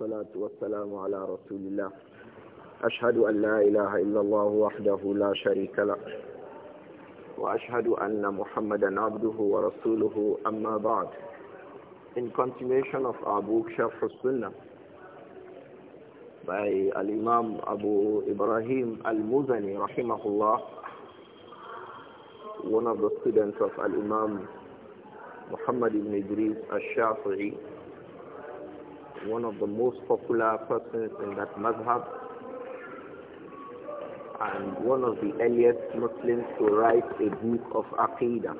والصلاة والسلام على رسول الله أشهد أن لا إله إلا الله وحده لا شريك له وأشهد أن محمدا عبده ورسوله أما بعد In continuation of our book Shafr al-Sunnah by Al-Imam Abu Ibrahim Al-Muzani rahimahullah one of the students of Al-Imam Muhammad ibn Idris Al-Shafi'i one of the most popular persons in that madhab and one of the earliest Muslims to write a book of Aqidah.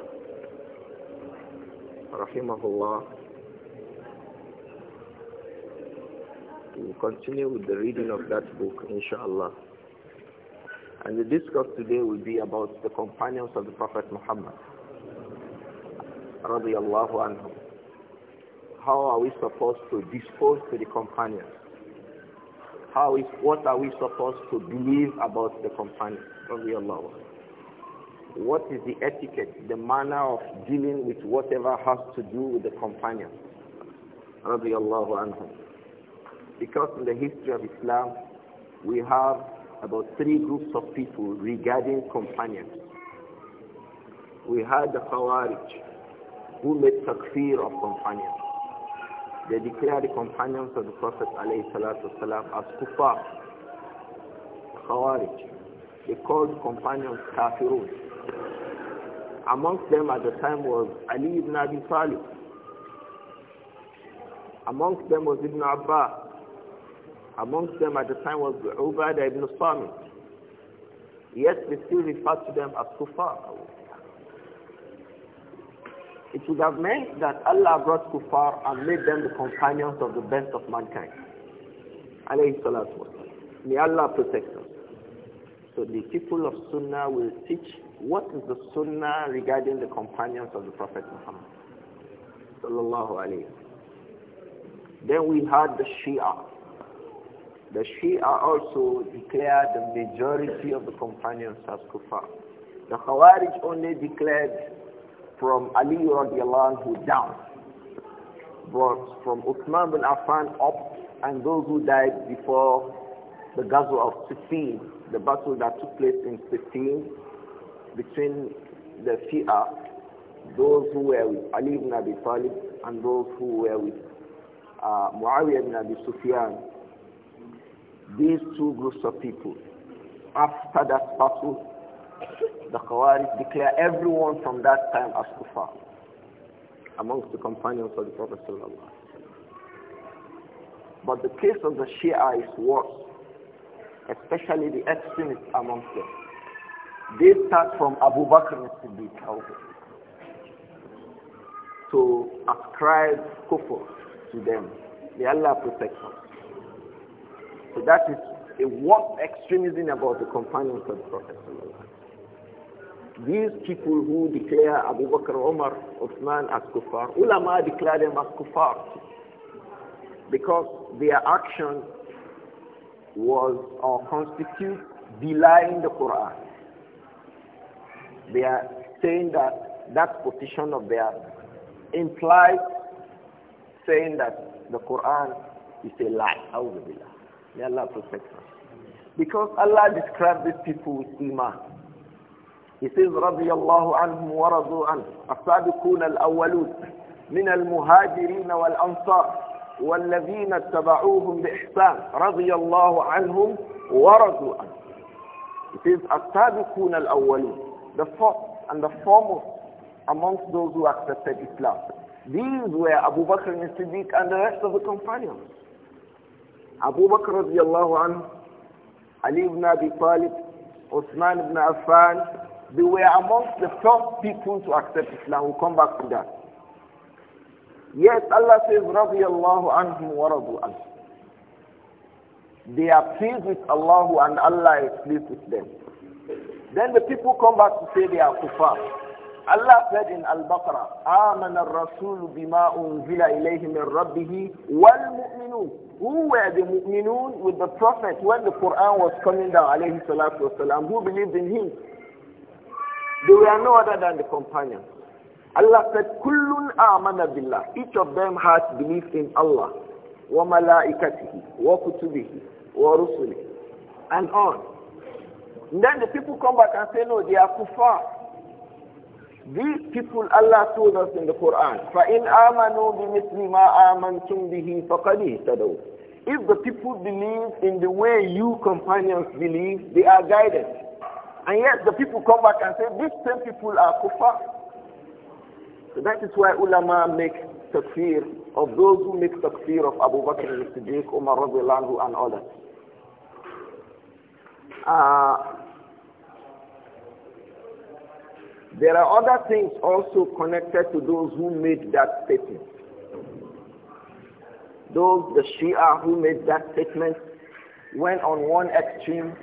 Rahimahullah. We'll continue with the reading of that book, inshallah. And the discourse today will be about the companions of the Prophet Muhammad. Radiallahu anhu how are we supposed to dispose to the companions? How is, what are we supposed to believe about the companions? Allah. What is the etiquette, the manner of dealing with whatever has to do with the companions? Because in the history of Islam, we have about three groups of people regarding companions. We had the Khawarij, who made takfir of companions. They declare the companions of the Prophet والسلام, as kuffar, khawarij. They called the companions kafirun. Amongst them at the time was Ali ibn Abi Talib. Amongst them was Ibn Abba. Amongst them at the time was Ubadah ibn Samit. Yet they still refer to them as kuffar it would have meant that Allah brought kuffar and made them the companions of the best of mankind. May Allah protect us. So the people of Sunnah will teach what is the Sunnah regarding the companions of the Prophet Muhammad. Sallallahu Then we had the Shia. The Shia also declared the majority of the companions as kuffar. The Khawarij only declared from Ali radiallahu anhu down. But from Uthman bin Affan up and those who died before the Ghazwa of Siffin, the battle that took place in Siffin between the Shia, those who were with Ali ibn Abi Talib and those who were with uh, Muawiyah ibn Abi Sufyan. These two groups of people, after that battle, the Khawarij declare everyone from that time as kufar amongst the companions of the Prophet But the case of the Shia is worse, especially the extremists amongst them. They start from Abu Bakr as-Siddiq to ascribe kufr to them. May Allah protect us. So that is a worst extremism about the companions of the Prophet these people who declare Abu Bakr, Umar, Uthman as kuffar, ulama declare them as kuffar because their action was or constitutes denying the Quran. They are saying that that position of theirs implies saying that the Quran is a lie. May Allah protect us. Because Allah described these people with iman. He says, رضي الله عنهم ورضوا عنه السابقون الأولون من المهاجرين والأنصار والذين اتبعوهم بإحسان رضي الله عنهم ورضوا عنه It is السابقون الأولون The first and the foremost amongst those who accepted Islam. These were Abu Bakr and Siddiq and the rest of the companions. Abu Bakr radiallahu anhu, Ali ibn Abi Talib, Uthman ibn Affan, they were amongst the first people to accept Islam. We'll come back to that. Yes, Allah says, رَضِيَ anhum عَنْهُمْ وَرَضُوا They are pleased with Allah and Allah is pleased with them. Then the people come back to say they are kuffar. Allah said in Al-Baqarah, آمَنَ الرَّسُولُ بِمَا أُنزِلَ إِلَيْهِ مِنْ رَبِّهِ وَالْمُؤْمِنُونَ Who were the mu'minun with the Prophet when the Quran was coming down, alayhi salatu wasalam, who believed in him? They were no other than the companions. Allah said, Kullun amana billah. Each of them has believed in Allah. Wa malaikatihi, wa kutubihi, wa rusuli, And on. And then the people come back and say, no, they are kuffar. These people Allah told us in the Quran, فَإِنْ آمَنُوا بِمِثْلِ مَا آمَنْتُمْ بِهِ فَقَدِ اهْتَدَوْا If the people believe in the way you companions believe, they are guided. And yet the people come back and say, these same people are kuffar. So that is why ulama make takfir of those who make takfir of Abu Bakr al-Siddiq, Umar radiallahu and others. Uh, there are other things also connected to those who made that statement. Those, the Shia who made that statement, went on one extreme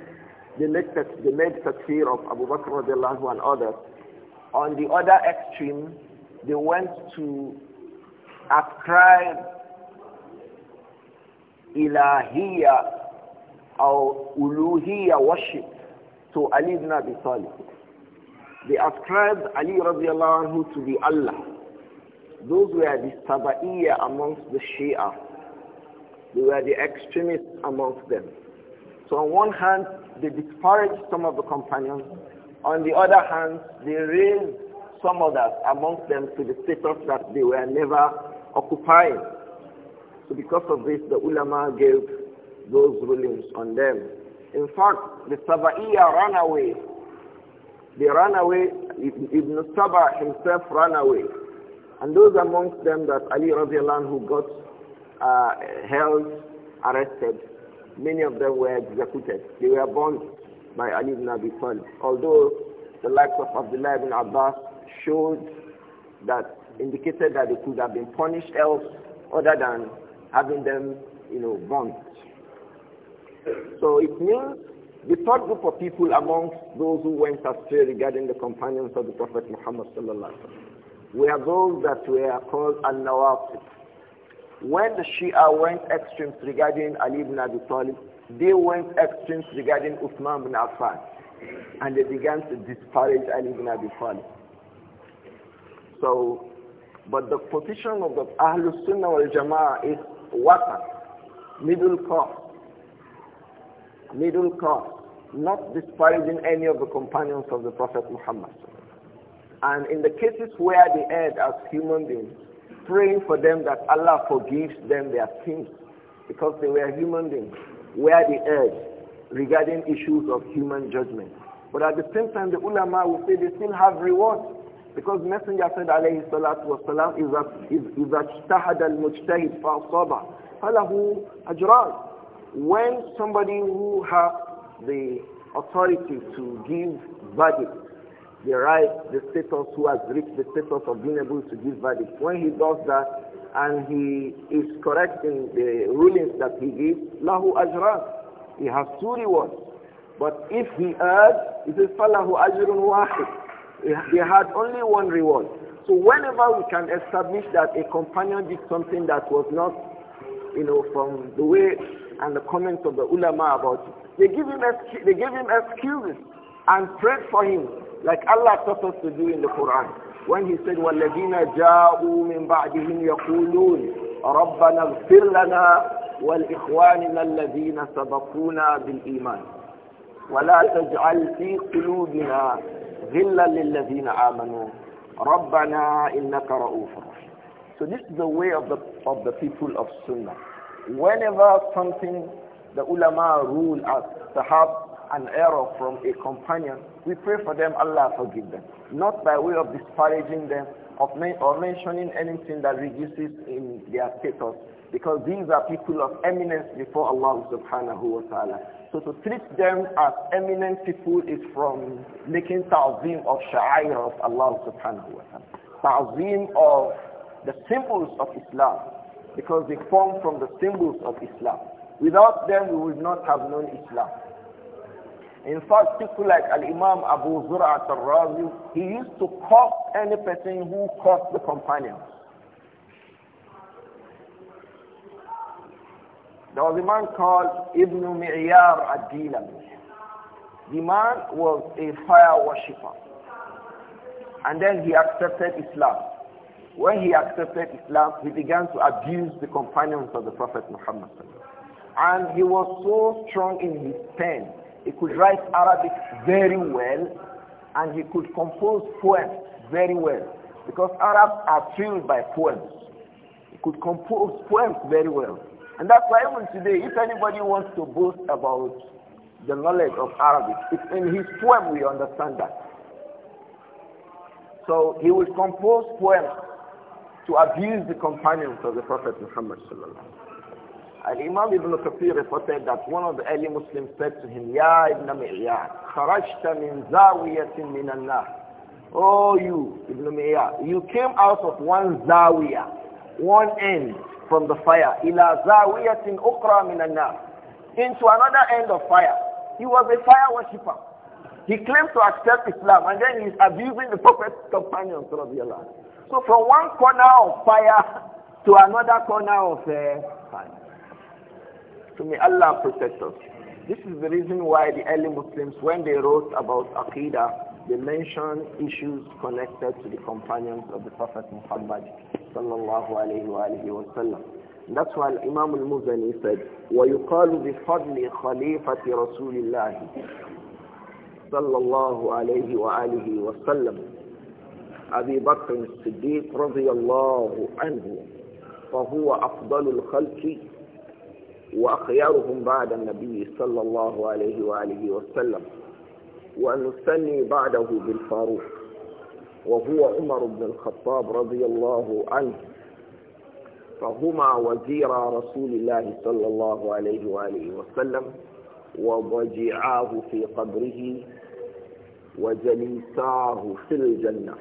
they made, they made takfir of Abu Bakr radiallahu and others. On the other extreme, they went to ascribe ilahiyya or uluhiyya worship to Ali ibn Abi Talib. They ascribed Ali radiallahu anhu to be Allah. Those were the Saba'iyya amongst the Shia. They were the extremists amongst them. So on one hand, they disparaged some of the companions. On the other hand, they raised some others amongst them to the status that they were never occupying. So because of this, the ulama gave those rulings on them. In fact, the Saba'iyya ran away. They ran away. Ibn Saba himself ran away. And those amongst them that Ali radiallahu who got uh, held, arrested, Many of them were executed. They were burned by Ali ibn Abi Talib. Although the likes of Abdullah ibn Abbas showed that indicated that they could have been punished else other than having them, you know, burned. So it means the third group of people amongst those who went astray regarding the companions of the Prophet Muhammad sallallahu alaihi wasallam were those that were called an-nawasib when the Shia went extremes regarding Ali ibn Abi Talib, they went extremes regarding Uthman ibn Affan. And they began to disparage Ali ibn Abi Talib. So, but the position of the Ahlu Sunnah wal Jama'ah is wata, middle course. Middle course. Not disparaging any of the companions of the Prophet Muhammad. And in the cases where they erred as human beings, praying for them that Allah forgives them their sins because they were human beings where the earth regarding issues of human judgment. But at the same time, the ulama will say they still have reward because Messenger said, alayhi salatu wasalam, إِذَا اجْتَهَدَ mujtahid فَأَصَابَ فَلَهُ ajral. When somebody who has the authority to give verdict the right, the status who has reached the status of being able to give verdict. When he does that and he is correcting the rulings that he gives, lahu ajran. He has two rewards. But if he errs, it is falahu ajrun wahid. He had only one reward. So whenever we can establish that a companion did something that was not, you know, from the way and the comments of the ulama about it, they give him, they gave him excuses and prayed for him Like Allah taught us to do in the Quran. When He said, وَالَّذِينَ جَاءُوا مِن بَعْدِهِمْ يَقُولُونَ رَبَّنَا اغْفِرْ لَنَا وَالْإِخْوَانِنَا الَّذِينَ سَبَقُونَا بِالْإِيمَانِ وَلَا تَجْعَلْ فِي قُلُوبِنَا غِلًّا لِلَّذِينَ آمَنُوا رَبَّنَا إِنَّكَ رَؤُوفٌ So this is the way of the, of the people of Sunnah. Whenever something the ulama rule as perhaps an error from a companion, We pray for them, Allah forgive them. Not by way of disparaging them of or mentioning anything that reduces in their status because these are people of eminence before Allah subhanahu wa ta'ala. So to treat them as eminent people is from making ta'zim of sha'air of Allah subhanahu wa ta'ala. Ta'zim of the symbols of Islam because they form from the symbols of Islam. Without them we would not have known Islam. In fact, people like Al-Imam Abu Zur'a al-Razi, he used to curse any person who cursed the companions. There was a man called Ibn Mi'yar al dilami The man was a fire worshipper. And then he accepted Islam. When he accepted Islam, he began to abuse the companions of the Prophet Muhammad. And he was so strong in his pen he could write Arabic very well and he could compose poems very well because Arabs are filled by poems. He could compose poems very well. And that's why even today, if anybody wants to boast about the knowledge of Arabic, it's in his poem we understand that. So he would compose poems to abuse the companions of the Prophet Muhammad sallallahu alaihi wasallam. Al-Imam Ibn Kathir reported that one of the early Muslims said to him, Ya Ibn Mi'yan, kharajta min zawiyatin min an-nar. Oh you, Ibn Mi'yan, you came out of one zawiya, one end from the fire, ila zawiyatin ukra min an into another end of fire. He was a fire worshipper. He claimed to accept Islam and then he's abusing the Prophet's companions, So from one corner of fire to another corner of uh, fire. So may Allah protect us. This is the reason why the early Muslims, when they wrote about Aqidah, they mentioned issues connected to the companions of the Prophet Muhammad sallallahu alayhi wa alayhi wa sallam. That's why Imam al-Muzani said, وَيُقَالُ بِفَضْلِ خَلِيفَةِ رَسُولِ اللَّهِ صلى الله عليه وآله وسلم أبي بكر الصديق رضي الله عنه فهو أفضل الخلق وأخيارهم بعد النبي صلى الله عليه وآله وسلم ونسلي بعده بالفاروق وهو عمر بن الخطاب رضي الله عنه فهما وزيرا رسول الله صلى الله عليه وآله وسلم وضجعاه في قبره وجليساه في الجنة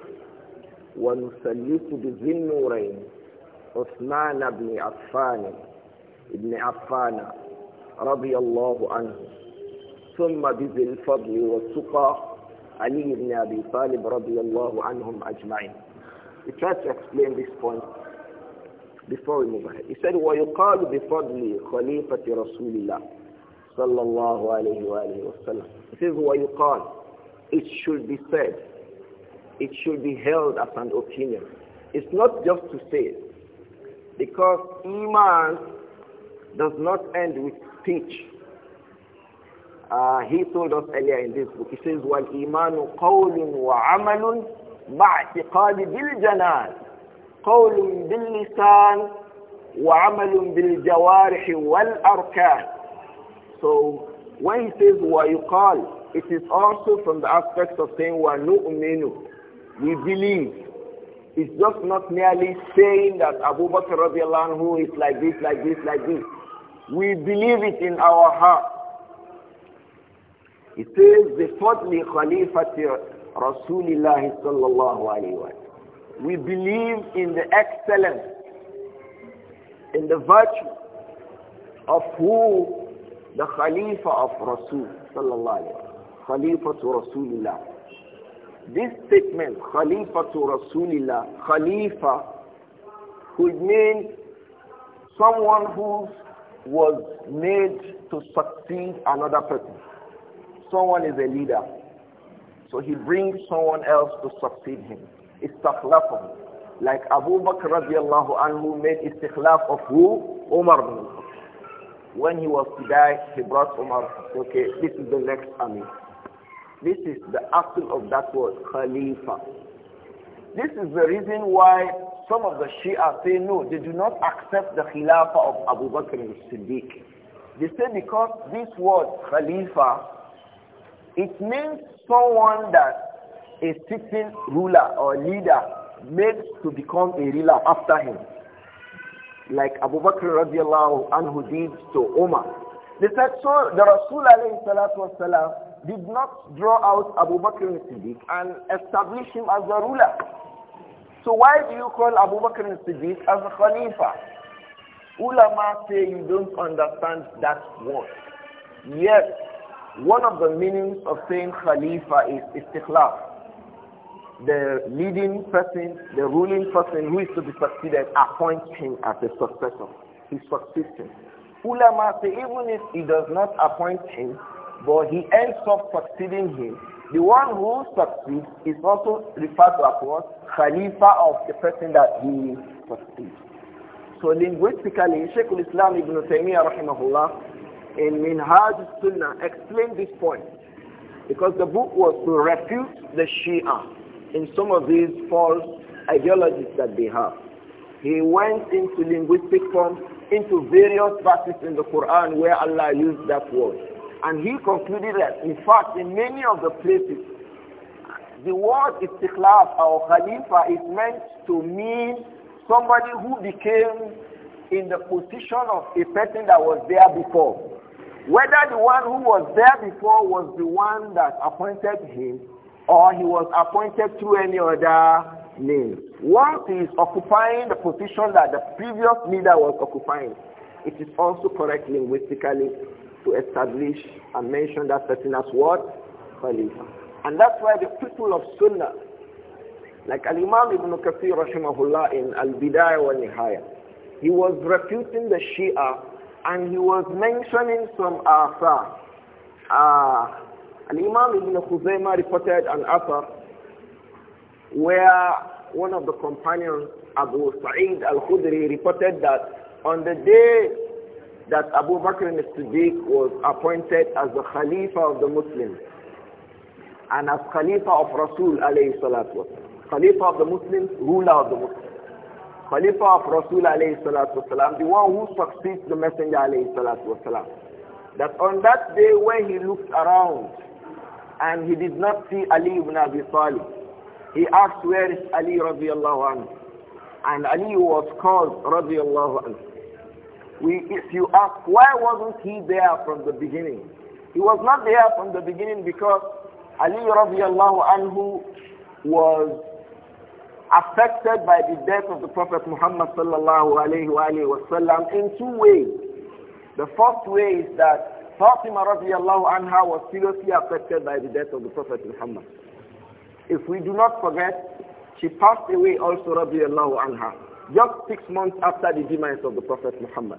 ونثلث بذي النورين عثمان بن عفان ابن عفان رضي الله عنه ثم بذي الفضل والسقى علي بن أبي طالب رضي الله عنهم أجمعين He tries to explain this point before we move ahead. He said, ويقال بفضل خليفة رسول الله صلى الله عليه وآله وسلم. He says, ويقال It should be said. It should be held as an opinion. It's not just to say it. Because imams does not end with speech. Uh, he told us earlier in this book, he says, وَالْإِيمَانُ قَوْلٌ وَعَمَلٌ بَعْتِقَادِ بِالْجَنَانِ قَوْلٌ بِاللِّسَانِ وَعَمَلٌ بِالْجَوَارِحِ وَالْأَرْكَانِ So, when he says وَيُقَالُ, it is also from the aspects of saying وَنُؤْمِنُ We believe. It's just not merely saying that Abu Bakr radiallahu anhu is like this, like this, like this. We believe it in our heart. It says, the خَلِيفَةِ رَسُولِ اللَّهِ صَلَّى اللَّهُ عَلَيْهِ We believe in the excellence, in the virtue of who the Khalifa of Rasul صلى الله عليه Khalifa to Rasulullah. This statement, Khalifa to Rasulullah, Khalifa, could mean someone whose was made to succeed another person. Someone is a leader. So he brings someone else to succeed him. Istakhlafah. Like Abu Bakr radiallahu anhu made istikhlaf of who? Umar bin When he was to die, he brought Umar. Okay, this is the next army. This is the action of that word, Khalifa. This is the reason why some of the Shia say no, they do not accept the Khilafah of Abu Bakr al-Siddiq. They say because this word Khalifa, it means someone that a sitting ruler or leader makes to become a ruler after him. Like Abu Bakr radiallahu anhu did to Omar. They said, so the Rasul Wasallam did not draw out Abu Bakr al-Siddiq and establish him as a ruler. So why do you call Abu Bakr as-Siddiq as a Khalifa? Ulama say you don't understand that word. Yes, one of the meanings of saying Khalifa is istikhlaf. The leading person, the ruling person who is to be succeeded, appoint him as a successor. He succeeds him. Ulama say even if he does not appoint him, but he ends up succeeding him, the one who succeeds is also referred to as what? Khalifa of the person that he succeeds. So linguistically, Sheikh al-Islam ibn Taymiyyah rahimahullah in Minhaj al-Sunnah explained this point because the book was to refute the Shia in some of these false ideologies that they have. He went into linguistic form into various verses in the Quran where Allah used that word. And he concluded that, in fact, in many of the places, the word istiklaf or khalifa is meant to mean somebody who became in the position of a person that was there before. Whether the one who was there before was the one that appointed him or he was appointed through any other name. Once he is occupying the position that the previous leader was occupying, it is also correct linguistically to establish and mention that person as what? Khalifa. And that's why the people of Sunnah, like Al-Imam Ibn Kathir rahimahullah in Al-Bidayah wa Nihaya, he was refuting the Shia and he was mentioning some Athar. Uh, Al-Imam Ibn Khuzaymah reported an Athar where one of the companions, Abu Sa'id Al-Khudri, reported that on the day that Abu Bakr as-Siddiq was appointed as the Khalifa of the Muslims and as Khalifa of Rasul alayhi salatu Khalifa of the Muslims, ruler of the Muslims. Khalifa of Rasul alayhi salatu wasalam, the one who succeeds the Messenger alayhi salatu wasalam. That on that day when he looked around and he did not see Ali ibn Abi Talib, he asked where is Ali radiallahu anhu. And Ali was called radiallahu anhu. We, if you ask, why wasn't he there from the beginning? He was not there from the beginning because Ali radiallahu anhu was affected by the death of the Prophet Muhammad sallallahu alayhi wasallam in two ways. The first way is that Fatima radiallahu anha was seriously affected by the death of the Prophet Muhammad. If we do not forget, she passed away also radiallahu anha just six months after the demise of the Prophet Muhammad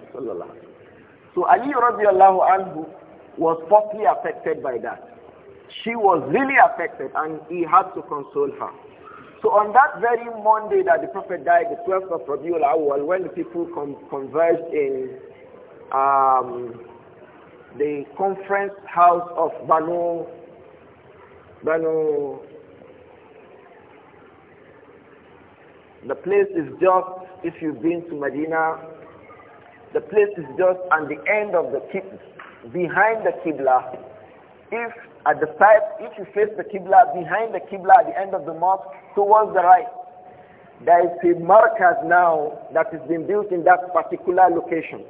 So Ali radiallahu anhu was partly affected by that. She was really affected and he had to console her. So on that very Monday that the Prophet died, the 12th of Rabiul when the people com converged in um, the conference house of Banu, Banu The place is just, if you've been to Medina, the place is just at the end of the Qibla, behind the Qibla. If at the side, if you face the Qibla, behind the Qibla at the end of the mosque, towards the right, there is a markaz now that has been built in that particular location.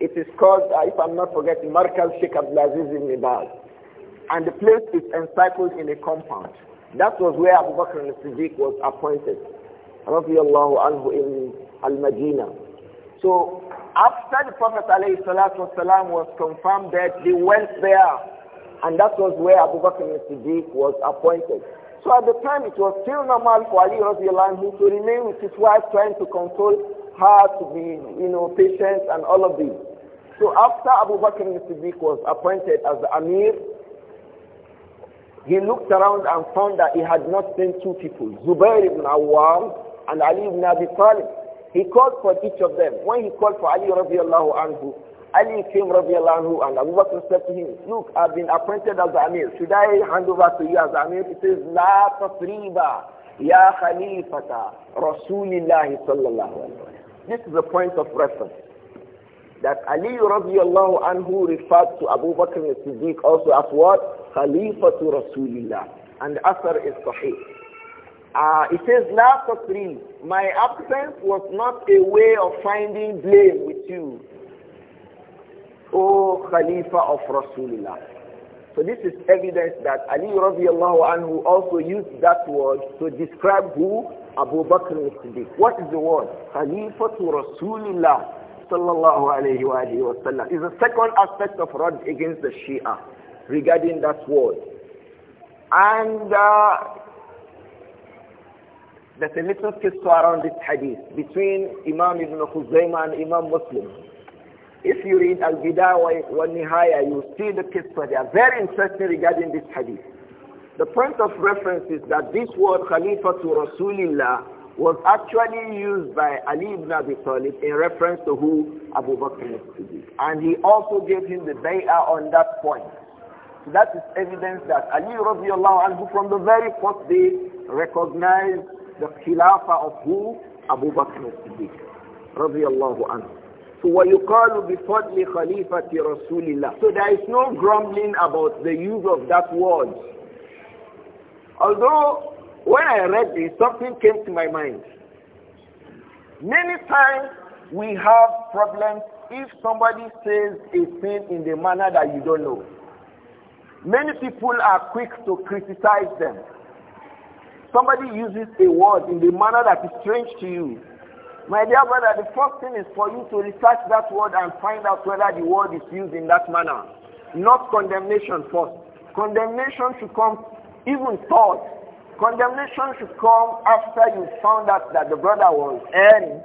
It is called, uh, if I'm not forgetting, Markaz Sheikh Abdulaziz in Nibal. And the place is encircled in a compound. That was where Abu Bakr al-Siddiq was appointed radiallahu anhu in al So after the Prophet was confirmed that they went there and that was where Abu Bakr al-Siddiq was appointed. So at the time it was still normal for Ali radiallahu anhu to remain with his wife trying to console her to be, you know, patient and all of this. So after Abu Bakr al-Siddiq was appointed as the Amir, he looked around and found that he had not seen two people, Zubair ibn Awam and Ali ibn Abi Talib. He called for each of them. When he called for Ali radiallahu anhu, Ali came radiallahu anhu and Abu Bakr said to him, look, I've been appointed as Amir. Should I hand over to you as Amir? He says, La tasriba ya khalifata Rasulillah sallallahu alayhi wa This is the point of reference. That Ali radiallahu anhu referred to Abu Bakr as Siddiq also as what? Khalifatu Rasulillah. And the Asr is Sahih. Uh, it says, last of three, my absence was not a way of finding blame with you, O Khalifa of Rasulullah. So this is evidence that Ali radiallahu anhu also used that word to describe who Abu Bakr al-Siddiq. What is the word? Khalifa to Rasulullah sallallahu alayhi wa sallam. Is the second aspect of rod against the Shia regarding that word. And uh, there's a little twist around this hadith between Imam Ibn Khuzaymah and Imam Muslim. If you read Al-Bidayah wa Nihaya, you see the qissa. They are very interesting regarding this hadith. The point of reference is that this word Khalifa to Rasulillah was actually used by Ali ibn Abi Talib in reference to who Abu Bakr be, And he also gave him the bay'ah on that point. So that is evidence that Ali radiallahu anhu from the very first day recognized the Khilafah of who? Abu Bakr as-Siddiq radiyallahu anhu. So وَيُقَالُ بِفَضْلِ خَلِيفَةِ رَسُولِ اللَّهِ So there is no grumbling about the use of that word. Although when I read this, something came to my mind. Many times we have problems if somebody says a thing in the manner that you don't know. Many people are quick to criticize them somebody uses a word in the manner that is strange to you, my dear brother, the first thing is for you to research that word and find out whether the word is used in that manner. Not condemnation first. Condemnation should come even thought. Condemnation should come after you found out that the brother was erring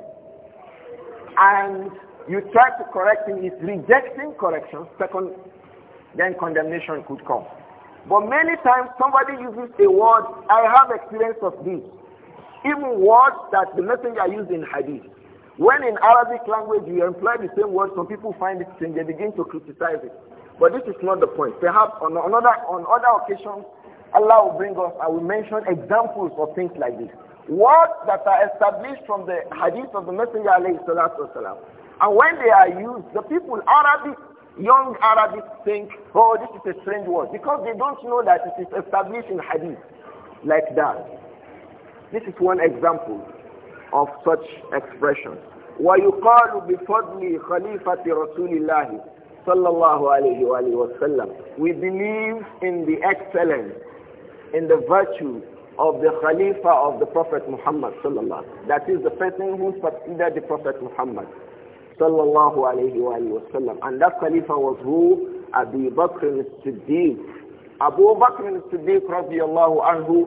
and you try to correct him. He's rejecting correction. Second, then condemnation could come. But many times somebody uses a word, I have experience of this. Even words that the messenger used in hadith. When in Arabic language you employ the same word, some people find it strange, they begin to criticize it. But this is not the point. Perhaps on another on other occasions, Allah will bring us, I will mention examples of things like this. Words that are established from the hadith of the Messenger and when they are used, the people, Arabic young Arabic think, oh, this is a strange word, because they don't know that it is established in hadith like that. This is one example of such expressions. ويقال بفضل خليفة رسول الله صلى الله عليه وآله وسلم We believe in the excellence, in the virtue of the Khalifa of the Prophet Muhammad صلى الله عليه وسلم. That is the person who succeeded the Prophet Muhammad sallallahu alayhi wa, sallam. And that Khalifa was who? Abu Bakr al-Siddiq. Abu Bakr al-Siddiq radiallahu anhu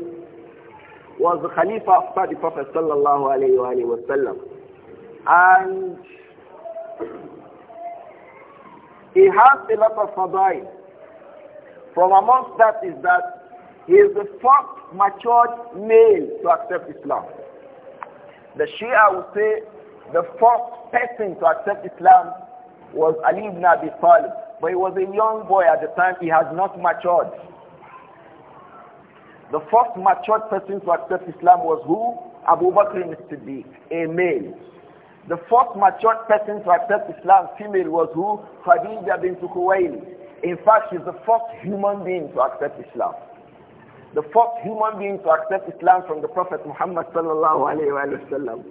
was the Khalifa after the Prophet sallallahu alayhi wa, sallam. And he has a lot of fadail. From amongst that is that he is the first matured male to accept Islam. The Shia would say the first person to accept Islam was Ali ibn Abi Talib. But he was a young boy at the time. He has not matured. The first matured person to accept Islam was who? Abu Bakr al-Siddiq, a male. The first matured person to accept Islam, female, was who? Khadija bin Khuwaylid. In fact, she's the first human being to accept Islam. The first human being to accept Islam from the Prophet Muhammad sallallahu alayhi wa sallam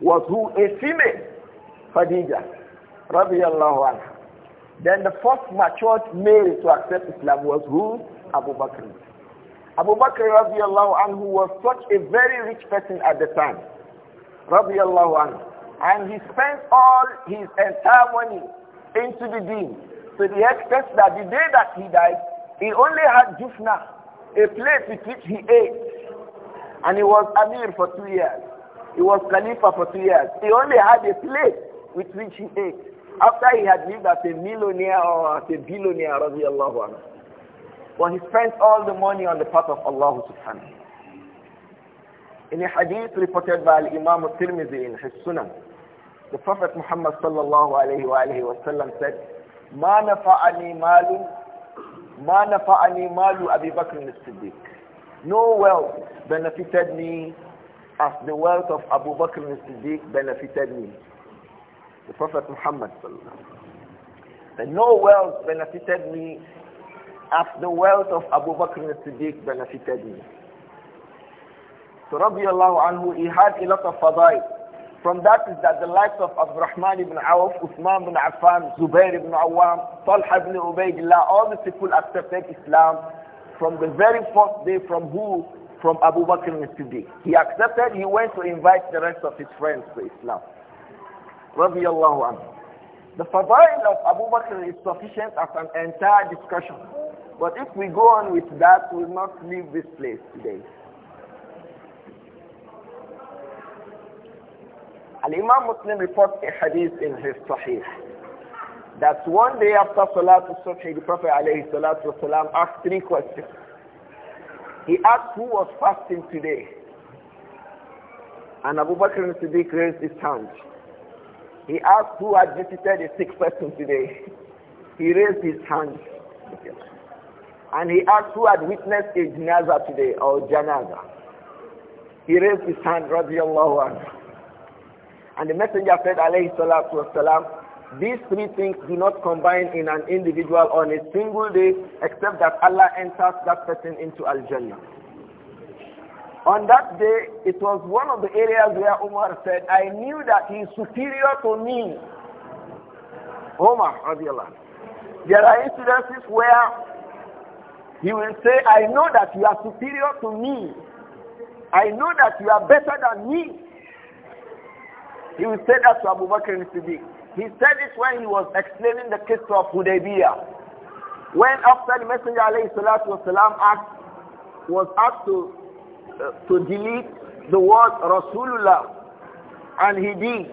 was who? A female, Khadija, radiallahu anha. Then the first matured male to accept Islam was who? Abu Bakr. Abu Bakr radiallahu anhu was such a very rich person at the time, radiallahu anhu. And he spent all his entire money into the deen to the extent that the day that he died, he only had jufna, a plate with which he ate. And he was Amir for two years. He was Khalifa for two years. He only had a plate with which he ate. After he had lived as a millionaire or as a billionaire, radiallahu anhu. Well, he spent all the money on the path of Allah subhanahu In a hadith reported by Imam al-Tirmidhi in his Sunan, the Prophet Muhammad sallallahu alayhi wa alayhi wa sallam said, مَا نَفَعَنِي مَالٌ مَا نَفَعَنِي مَالُ أَبِي بَكْرٍ الصِّدِّيقِ No wealth benefited me as the wealth of Abu Bakr al-Siddiq benefited me. The Prophet Muhammad and no wealth benefited me as the wealth of Abu Bakr al-Siddiq benefited me. So radiallahu anhu, he had a lot of fadail. From that is that the likes of Abu Rahman ibn Awf, Uthman ibn Affan, Zubair ibn Awam, Talha ibn Ubaidillah, all the people accepted Islam from the very first day from who from Abu Bakr al-Siddiq. He accepted, he went to invite the rest of his friends to Islam. Radiallahu anhu. The fadail of Abu Bakr is sufficient as an entire discussion. But if we go on with that, we will not leave this place today. Al-Imam Muslim reports a hadith in his Sahih that one day after Salatul Subhi, the Prophet alayhi salatu asked three questions. He asked who was fasting today. And Abu Bakr Siddiq raised his hand. He asked who had visited a sick person today. He raised his hand. And he asked who had witnessed a janaza today or janaza. He raised his hand, radiallahu anhu. And the messenger said, alayhi salatu wasalam, these three things do not combine in an individual on a single day except that Allah enters that person into Al-Jannah. On that day, it was one of the areas where Umar said, I knew that he is superior to me. Umar, radiallahu There are incidences where he will say, I know that you are superior to me. I know that you are better than me. He will say that to Abu Bakr and Siddiq. He said it when he was explaining the case of Hudaybiyah. When after the Messenger والسلام, asked, was asked to, uh, to delete the word Rasulullah, and he did.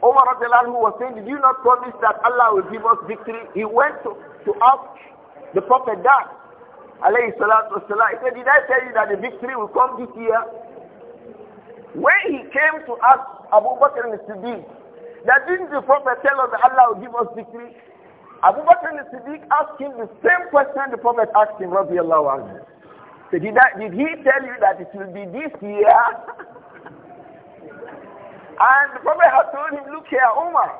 Omar who was saying, did you not promise that Allah will give us victory? He went to, to ask the Prophet that. Alayhi salatu wasalam. He said, did I tell you that the victory will come this year? When he came to ask Abu Bakr al-Siddiq, that didn't the Prophet tell us that Allah will give us victory? Abu Bakr al-Siddiq asked him the same question the Prophet asked him, radiallahu anhu. So did, that, did he tell you that it will be this year? and the Prophet had told him, look here, Umar,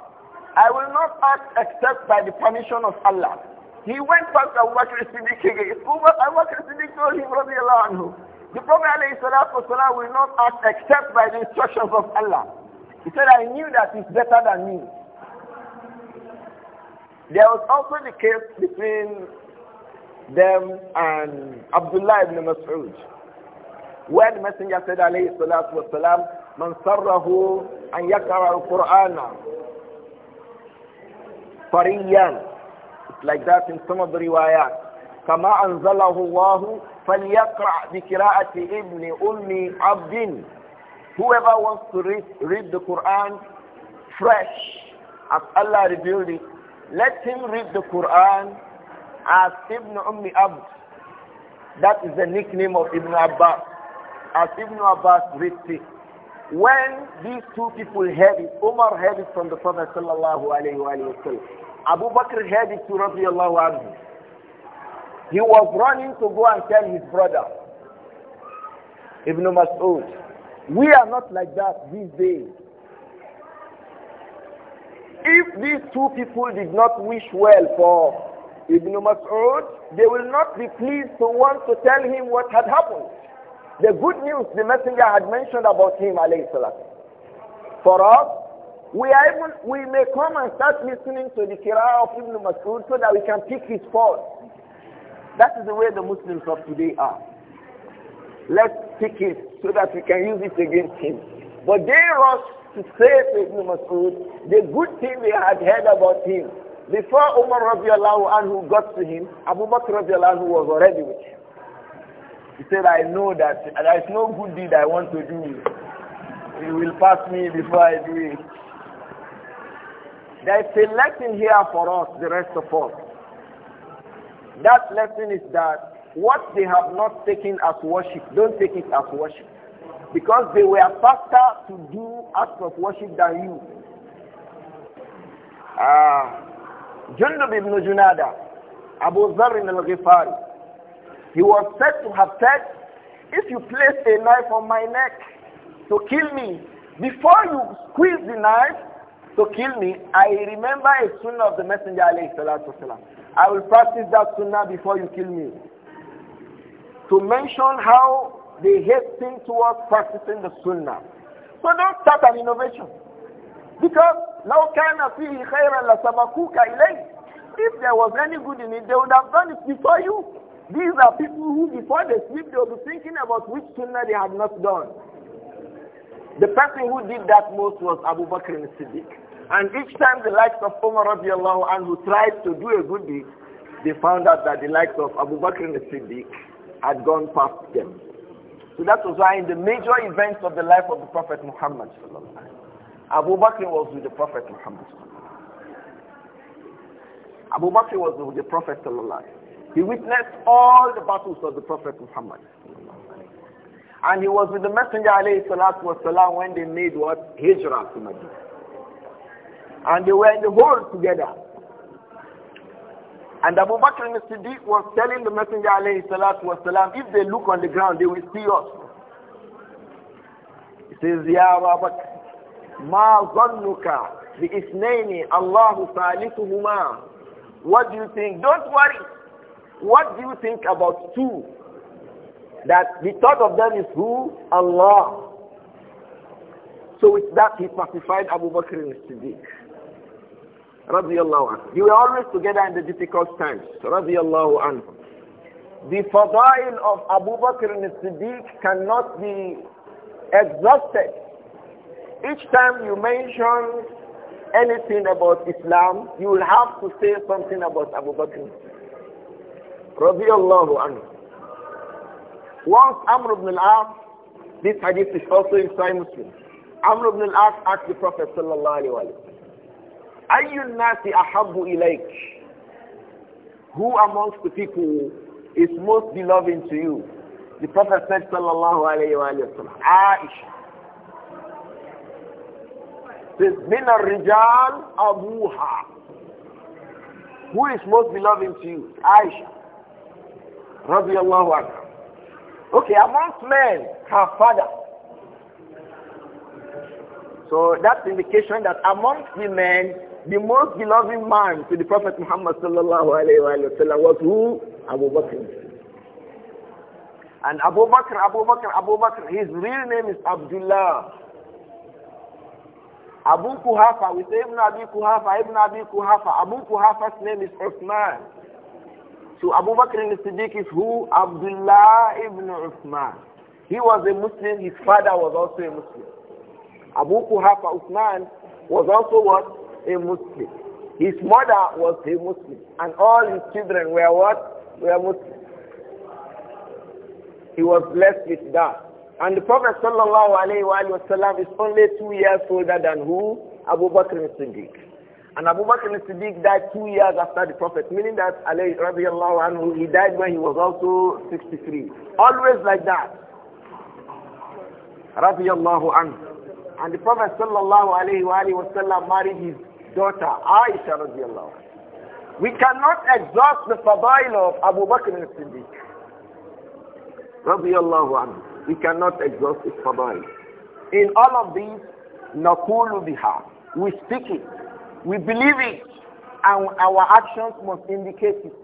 I will not act except by the permission of Allah. He went back to Abu Bakr al-Siddiq again. Umar, Abu Bakr al-Siddiq told him, radiallahu anhu, the Prophet will not act except by the instructions of Allah. He said, I knew that he's better than me. There was also the case between them and Abdullah ibn Mas'ud. When the Messenger said, alayhi salatu wasalam, من an أن al القرآن fariyan," It's like that in some of the riwayat. Kama anzalahu الله فليقرأ بقراءة ابن أم عبد Whoever wants to read, read the Quran fresh, as Allah revealed it, let him read the Quran as Ibn Ummi Abd. That is the nickname of Ibn Abbas. As Ibn Abbas read it. When these two people heard it, Umar heard it from the Prophet sallallahu alayhi wa Abu Bakr heard it to radiallahu anhu. He was running to go and tell his brother, Ibn Mas'ud. We are not like that these days. If these two people did not wish well for Ibn Mas'ud, they will not be pleased to want to tell him what had happened. The good news the messenger had mentioned about him, salam. For us, we, are even, we may come and start listening to the kira of Ibn Mas'ud so that we can pick his fault. That is the way the Muslims of today are. Let's it so that we can use it against him. But they rushed to say to Ibn Masud the good thing they had heard about him. Before Umar radiallahu anhu got to him, Abu Bakr radiallahu anhu was already with him. He said, I know that there is no good deed I want to do. He will pass me before I do it. There is a lesson here for us, the rest of us. That lesson is that what they have not taken as worship, don't take it as worship. Because they were faster to do acts of worship than you. Ah. Jundub ibn Junada, Abu Zarr al-Ghifari, he was said to have said, if you place a knife on my neck to kill me, before you squeeze the knife to kill me, I remember a sunnah of the Messenger I will practice that sunnah before you kill me to mention how they hasten towards practicing the sunnah. So don't start an innovation. Because now كان فيه خيرا If there was any good in it, they would have done it before you. These are people who, before they sleep, they will be thinking about which sunnah they had not done. The person who did that most was Abu Bakr al-Siddiq. And each time the likes of Umar radiallahu anhu tried to do a good deed, they found out that the likes of Abu Bakr al-Siddiq had gone past them. So that was why in the major events of the life of the Prophet Muhammad, Abu Bakr was with the Prophet Muhammad. Abu Bakr was with the Prophet. He witnessed all the battles of the Prophet Muhammad. And he was with the Messenger والسلام, when they made what? Hijrah to Madinah, And they were in the hole together. And Abu Bakr al Siddiq was telling the Messenger alayhi salatu wasalam, if they look on the ground, they will see us. He says, Ya Abu Bakr, ما ظنك بإثنين الله ثالثهما What do you think? Don't worry. What do you think about two? That the thought of them is who? Allah. So with that he pacified Abu Bakr al Siddiq radiallahu anhu. They were always together in the difficult times, radiallahu anhu. The fadail of Abu Bakr as-Siddiq cannot be exhausted. Each time you mention anything about Islam, you will have to say something about Abu Bakr. Radiallahu anhu. Once Amr ibn al-As, this hadith is also in Sahih Muslim. Amr ibn al-As asked the Prophet sallallahu alayhi wa Ayyun nasi ahabbu ilaik Who amongst the people is most beloved to you? The Prophet said, sallallahu alayhi wa, sallam, Aisha. Says, min rijal abuha. Who is most beloved to you? Aisha. Radiallahu anha. Okay, amongst men, her father. So that's indication that amongst the men, the most beloved man to the Prophet Muhammad sallallahu alayhi wa sallam was who? Abu Bakr. And Abu Bakr, Abu Bakr, Abu Bakr, his real name is Abdullah. Abu Kuhafa, we say Ibn Abi Kuhafa, Ibn Abi Kuhafa. Abu Kuhafa's name is Uthman. So Abu Bakr the siddiq is who? Abdullah ibn Uthman. He was a Muslim, his father was also a Muslim. Abu Kuhafa Uthman was also what? a Muslim. His mother was a Muslim. And all his children were what? Were Muslim. He was blessed with that. And the Prophet sallallahu alayhi wa sallam is only two years older than who? Abu Bakr al-Siddiq. And Abu Bakr al-Siddiq died two years after the Prophet, meaning that Ali radiallahu anhu, he died when he was also 63. Always like that. Radiallahu anhu. And the Prophet sallallahu alayhi wa sallam married his daughter, Aisha radiallahu We cannot exhaust the fadail of Abu Bakr al-Siddiq radiallahu anhu. We cannot exhaust his fadail. In all of these, نقول biha. We speak it. We believe it. And our actions must indicate it.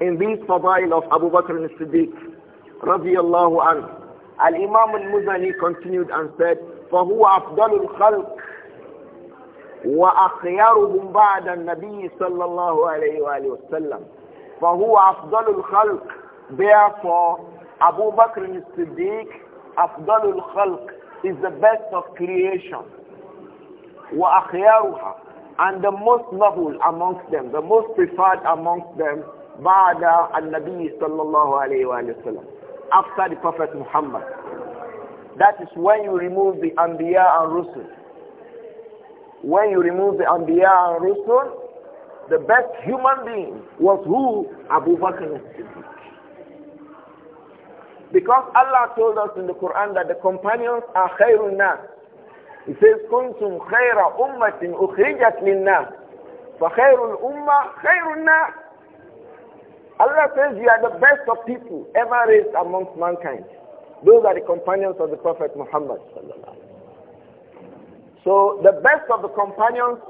In these fadail of Abu Bakr al-Siddiq radiallahu anhu, Al-Imam al-Muzani continued and said, فهو أفضل الخلق وأخيرهم بعد النبي صلى الله عليه وآله وسلم فهو أفضل الخلق therefore Abu Bakr as-Siddiq أفضل الخلق is the best of creation وأخيرها and the most noble amongst them the most preferred amongst them بعد النبي صلى الله عليه وآله وسلم after the Prophet Muhammad that is when you remove the Anbiya and Rusul when you remove the Anbiya and Rusul, the best human being was who? Abu Bakr as-Siddiq. Because Allah told us in the Quran that the companions are khairun nas. He says, كنتم خير أمة أخرجت للناس فخير الأمة خير الناس Allah says you are the best of people ever raised amongst mankind. Those are the companions of the Prophet Muhammad sallallahu so the best of the companions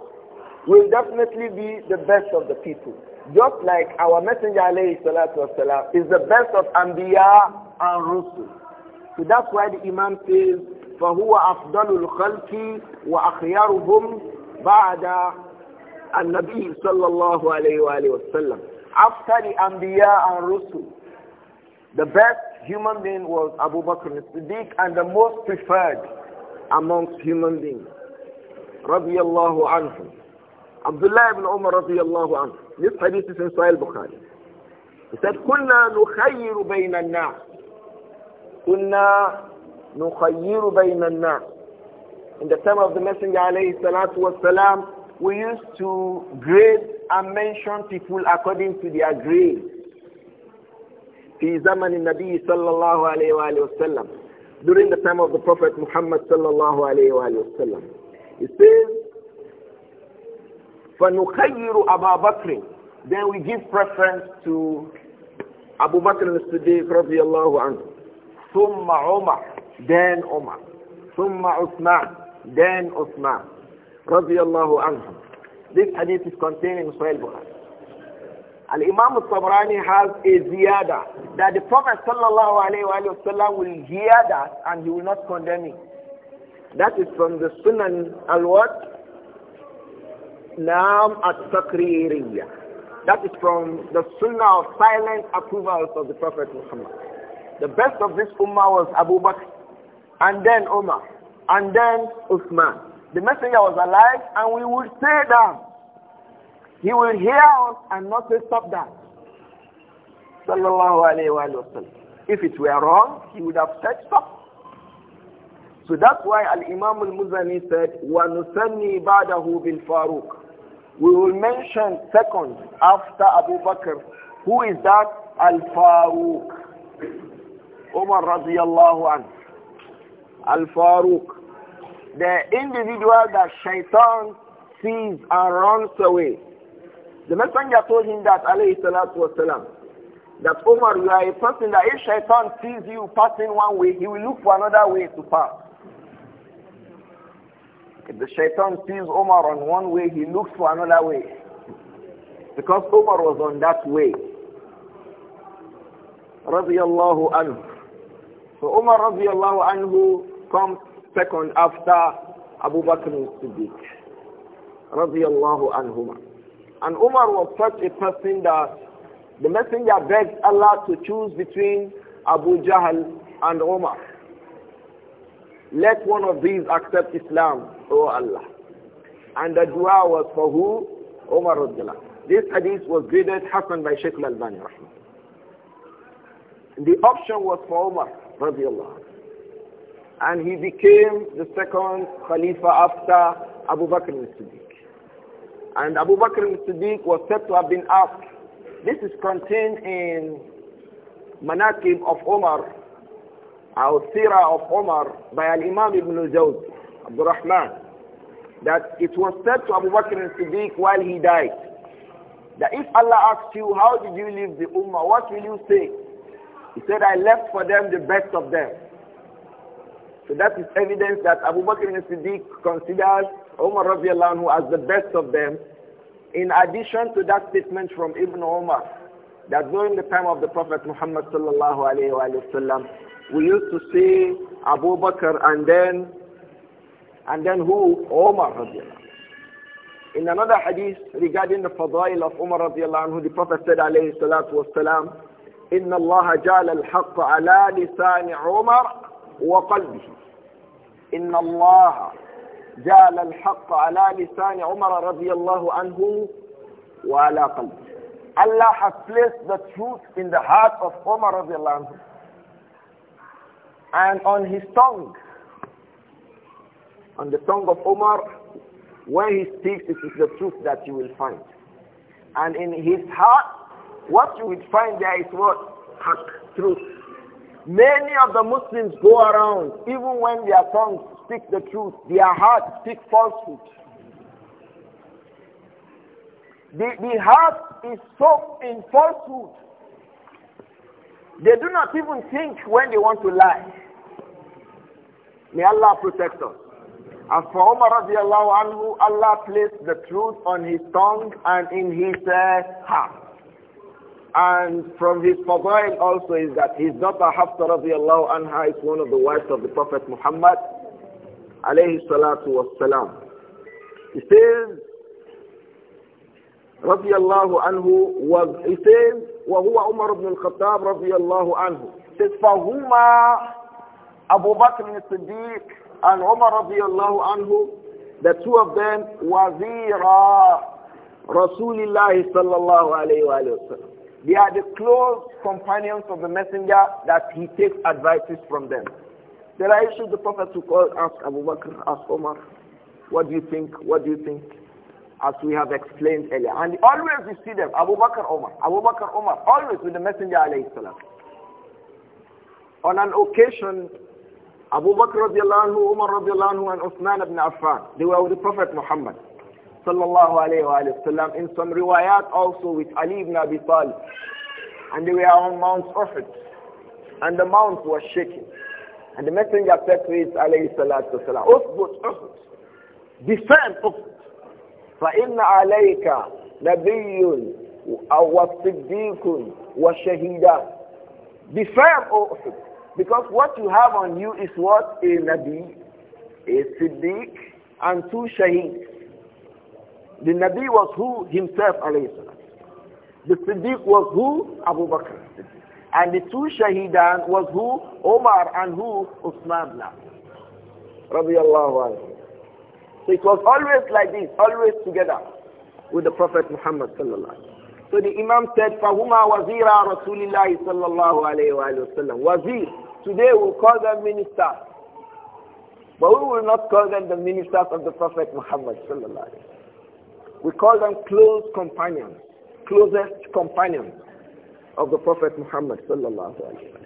will definitely be the best of the people. Just like our Messenger alayhi is the best of Anbiya and Rusul. So that's why the Imam says, فَهُوَ أَفْضَلُ الْخَلْقِ وَأَخْيَرُهُمْ بَعْدَ النَّبِيِّ صلى الله عليه وآله وسلم. After the Anbiya and Rusul, the best human being was Abu Bakr as-Siddiq and the most preferred amongst human beings. رضي الله عنه عبد الله بن عمر رضي الله عنه this hadith is in Sahih Bukhari he said كنا نخير بين الناس كنا نخير بين الناس in the time of the messenger عليه الصلاة والسلام we used to grade and mention people according to their grade في زمن النبي صلى الله عليه وآله وسلم during the time of the Prophet Muhammad صلى الله عليه وآله وسلم It says, فَنُخَيِّرُ أَبَا بَكْرٍ Then we give preference to Abu Bakr as-Siddiq radiallahu anhu. ثُمَّ عُمَرْ Then Umar. ثُمَّ عُثْمَانْ Then Uthman radiallahu anhu. This hadith is contained in Sahih Bukhari. Al-Imam al-Tabrani has a ziyada that the Prophet sallallahu alayhi wa sallam will hear that and he will not condemn it. That is from the Sunan al-what? Naam at-takririya. That is from the Sunnah of silent approvals of the Prophet Muhammad. The best of this Ummah was Abu Bakr, and then Umar, and then Uthman. The messenger was alive, and we would say that. He will hear us and not say stop that. Sallallahu alayhi wa If it were wrong, he would have said stop. So that's why Al-Imam Al-Muzani said, وَنُسَنِّي بَعْدَهُ بِالْفَارُوقِ We will mention second after Abu Bakr. Who is that? Al-Faruq. Umar radiallahu anhu. Al-Faruq. The individual that shaitan sees and runs away. The messenger told him that, alayhi salatu wasalam, that Umar, you are a person that if shaitan sees you passing one way, he will look for another way to pass. The shaitan sees Omar on one way, he looks for another way. Because Omar was on that way. Radiallahu anhu. So Omar radiallahu anhu comes second after Abu Bakr al-Siddiq. Radiallahu anhu. And Omar was such a person that the messenger begged Allah to choose between Abu Jahl and Omar. Let one of these accept Islam, O Allah. And the dua was for who? Umar Abdullah. This hadith was graded Hassan by Sheikh Al-Albani. The option was for Umar radiallahu And he became the second Khalifa after Abu Bakr al-Siddiq. And Abu Bakr al-Siddiq was said to have been asked, this is contained in Manakib of Umar our Sirah of Omar by Al-Imam Ibn al-Jawz, Abdul Rahman, that it was said to Abu Bakr and Siddiq while he died, that if Allah asks you, how did you leave the Ummah, what will you say? He said, I left for them the best of them. So that is evidence that Abu Bakr and Siddiq considers Umar radiallahu anhu as the best of them. In addition to that statement from Ibn Umar, that during the time of the Prophet Muhammad sallallahu alayhi wa sallam, we used to see Abu Bakr and then and then who? Omar In another hadith regarding the fadail of Umar radiallahu anhu, the Prophet said alayhi salatu wasalam, al اللَّهَ ala lisani عَلَى wa عُمَرَ Inna إِنَّ jala al الحق ala lisani عمر رضي الله عنه ala قلبه Allah has placed the truth in the heart of Umar رضي الله عنه and on his tongue. On the tongue of Omar, when he speaks, it is the truth that you will find. And in his heart, what you will find there is what? Haq, truth. Many of the Muslims go around, even when their tongues speak the truth, their hearts speak falsehood. The, the heart is soaked in falsehood. They do not even think when they want to lie. May Allah protect us. As for Umar radiallahu anhu, Allah placed the truth on his tongue and in his uh, heart. And from his fadail also is that his daughter Hafsa radiallahu anha is one of the wives of the Prophet Muhammad alayhi salatu was salam. He says, رضي الله عنه was he says وهو عمر بن الخطاب رضي الله عنه says فهما أبو بكر الصديق and عمر رضي الله عنه the two of them وزيرا رسول الله صلى الله عليه وآله وسلم they are the close companions of the messenger that he takes advices from them there I issues the prophet to call ask Abu Bakr ask Omar what do you think what do you think as we have explained earlier. And always you see them, Abu Bakr Omar, Abu Bakr Omar, always with the Messenger alayhi salam. On an occasion, Abu Bakr radiallahu, Umar radiallahu, and Uthman ibn Affan, they were with the Prophet Muhammad sallallahu alayhi wa sallam, in some riwayat also with Ali ibn Abi Talib. And they were on Mount Uhud. And the mount was shaking. And the messenger said to it, alayhi salatu wasalam, Uthbut, Uthbut, defend Uthbut. فإن عليك نبي والصديق والشهيدان Be firm, O because what you have on you is what? A Nabi, a Siddiq, and two Shaheed. The Nabi was who? Himself, alayhi The Siddiq was who? Abu Bakr. And the two Shaheedan was who? Omar and who? Uthman. Radiallahu anhu. So it was always like this, always together with the Prophet Muhammad sallallahu So the Imam said, فَهُمَا وَزِيرَا رَسُولِ اللَّهِ صَلَّى اللَّهُ عَلَيْهِ وَآلِهِ وَسَلَّمُ Wazir. Today we call them ministers. But we will not call them the ministers of the Prophet Muhammad sallallahu We call them close companions, closest companions of the Prophet Muhammad sallallahu alayhi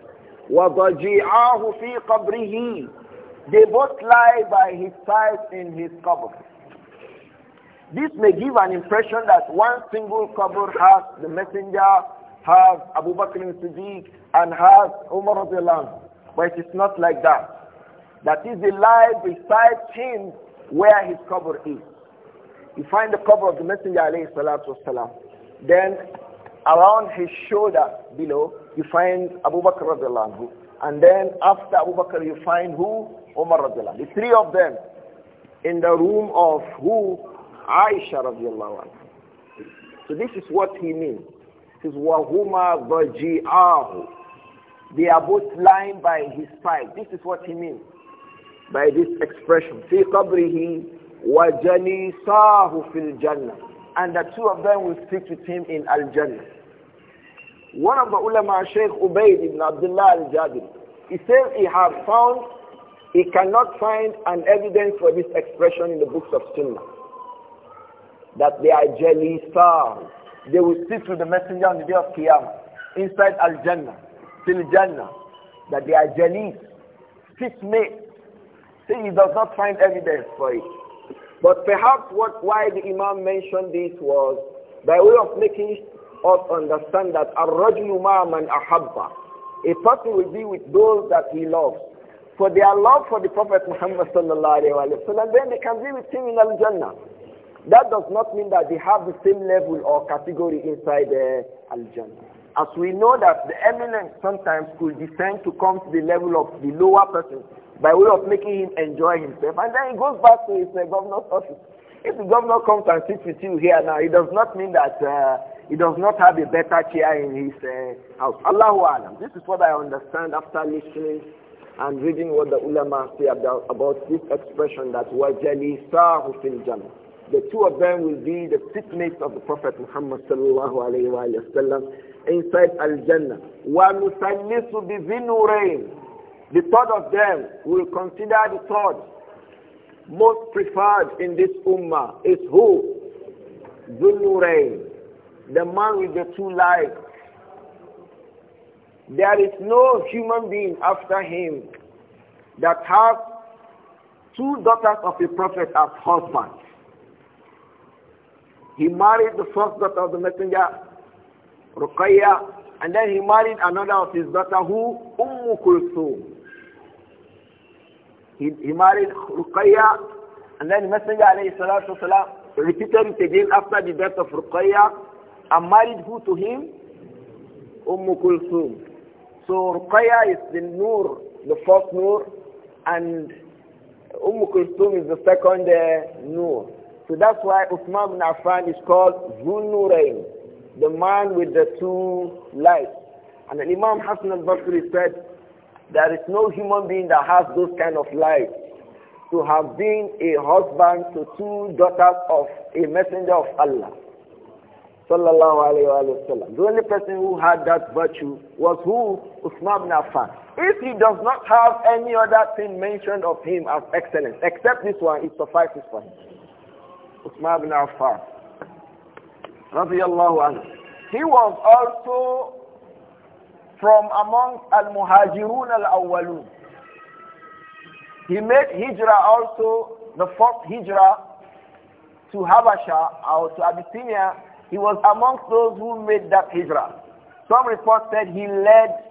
wa sallam. وَضَجِعَاهُ فِي قَبْرِهِ they both lie by his side in his qabr. This may give an impression that one single qabr has the messenger, has Abu Bakr al-Siddiq, and has Umar al But it is not like that. That is the lie beside him where his qabr is. You find the cover of the messenger alayhi salatu wasalam. Then around his shoulder below, you find Abu Bakr radiallahu anhu. And then after Abu Bakr, you find who? Umar radiallahu The three of them in the room of who? Aisha radiallahu So this is what he means. It is wahuma vaji'ahu. They are both lying by his side. This is what he means by this expression. في قبره وجليساه fil jannah. And the two of them will speak with him in Al-Jannah. One of the ulama, Sheikh Ubaid ibn Abdullah al jadid he says he has found, he cannot find an evidence for this expression in the books of Sunnah. That they are jelly stars. They will sit with the messenger on the day of Qiyamah, inside Al-Jannah, till Jannah, that they are jelly, fifth mate. See, he does not find evidence for it. But perhaps what why the Imam mentioned this was by way of making us understand that Ar-Rajlu man ahabba. A person will be with those that he loves. For their love for the Prophet Muhammad sallallahu alayhi wa then they can be with him in Al-Jannah. That does not mean that they have the same level or category inside the uh, Al-Jannah. As we know that the eminent sometimes could descend to come to the level of the lower person by way of making him enjoy himself. And then he goes back to his uh, governor's office. If the governor comes and sits with you here now, it does not mean that uh, he does not have a better chair in his uh, house. Allahu Alam. This is what I understand after listening and reading what the ulama say about, about this expression that وَجَلِسَاهُ fil jannah. The two of them will be the seatmates of the Prophet Muhammad sallallahu alayhi wa sallam inside Al-Jannah. وَنُسَلِّسُ بِذِنُورَيْنِ The third of them will consider the third most preferred in this ummah is who? Zunurain the man with the two lives. There is no human being after him that has two daughters of the Prophet as husbands. He married the first daughter of the Messenger, Ruqayya, and then he married another of his daughter who, Umm Kulthum. He, he married Ruqayya, and then the Messenger والسلام, repeated it again after the death of Ruqayya, a married who to him? Umm Kulthum. So Ruqayya is the Nur, the first Nur, and Umm Kulthum is the second uh, Nur. So that's why Uthman bin Affan is called Zul the man with the two lights. And then Imam Hassan al-Basri said, there is no human being that has those kind of lights. To have been a husband to two daughters of a messenger of Allah. Sallallahu alayhi wa, sallam. The only person who had that virtue was who? Uthman ibn Affan. If he does not have any other thing mentioned of him as excellence, except this one, it suffices for him. Uthman ibn Affan. Radiallahu anhu. He was also from among al-muhajirun al-awwalun. He made hijrah also, the first hijrah to Habasha or to Abyssinia he was amongst those who made that hijrah. Some reports said he led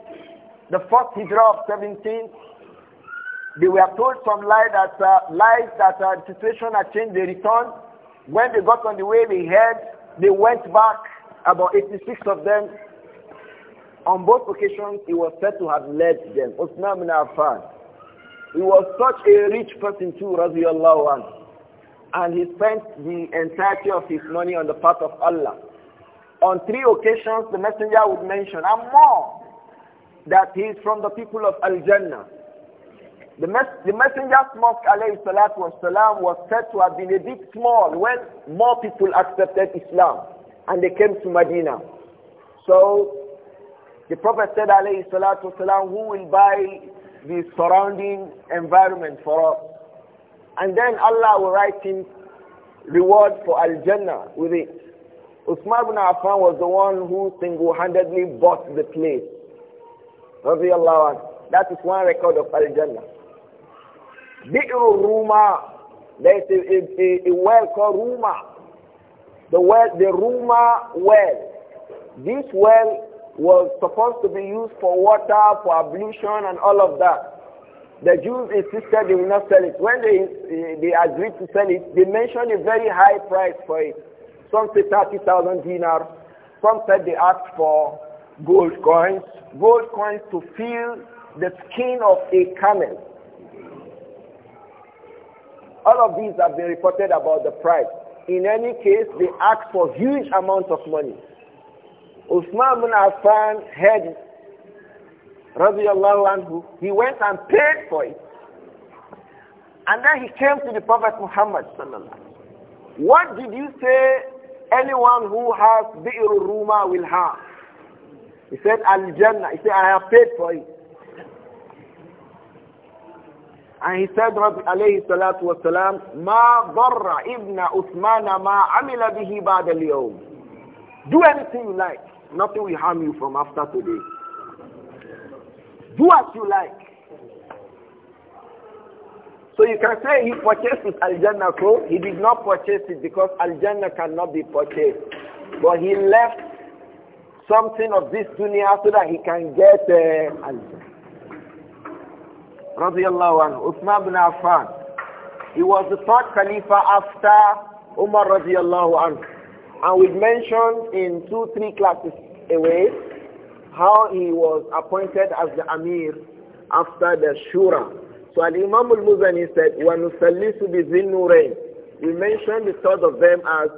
the first hijrah of 17. They were told some that, uh, lies that uh, the situation had changed. They returned. When they got on the way, they heard. They went back, about 86 of them. On both occasions, he was said to have led them. Uthman bin Affan. He was such a rich person too, radiallahu anhu and he spent the entirety of his money on the path of Allah. On three occasions, the messenger would mention, and more, that he is from the people of Al-Jannah. The, mes the messenger's mosque, alayhi salatu wasalam, was said to have been a bit small when more people accepted Islam and they came to Medina. So, the Prophet said, alayhi salatu wasalam, who will buy the surrounding environment for us? And then Allah will write him reward for Al-Jannah with it. Usman ibn Affan was the one who single-handedly bought the place. That is one record of Al-Jannah. Bi'ru Ruma, there is a, a, a, well called Ruma. The well, the Ruma well. This well was supposed to be used for water, for ablution and all of that. The Jews insisted they will not sell it. When they, they agreed to sell it, they mentioned a very high price for it. Some said 30,000 dinars. Some said they asked for gold coins. Gold coins to fill the skin of a camel. All of these have been reported about the price. In any case, they asked for huge amounts of money. Usman ibn Affan heard anhu, he went and paid for it. And then he came to the Prophet Muhammad What did you say anyone who has bi'r ruma will have? He said, Al-Jannah. He said, I have paid for it. And he said, alayhi salatu wasalam, ma dharra ibn Uthmana ma amila bihi ba'da al Do anything you like. Nothing will harm you from after today. Do as you like. So you can say he purchased with Al-Jannah He did not purchase it because Al-Jannah cannot be purchased. But he left something of this dunya so that he can get uh, al Uthman bin Affan. He was the third Khalifa after Umar radiallahu anhu. And we mentioned in two, three classes away how he was appointed as the Amir after the Shura. So Al-Imam al-Muzani said, وَنُسَلِّسُ بِذِنُّرَيْن We mentioned the third of them as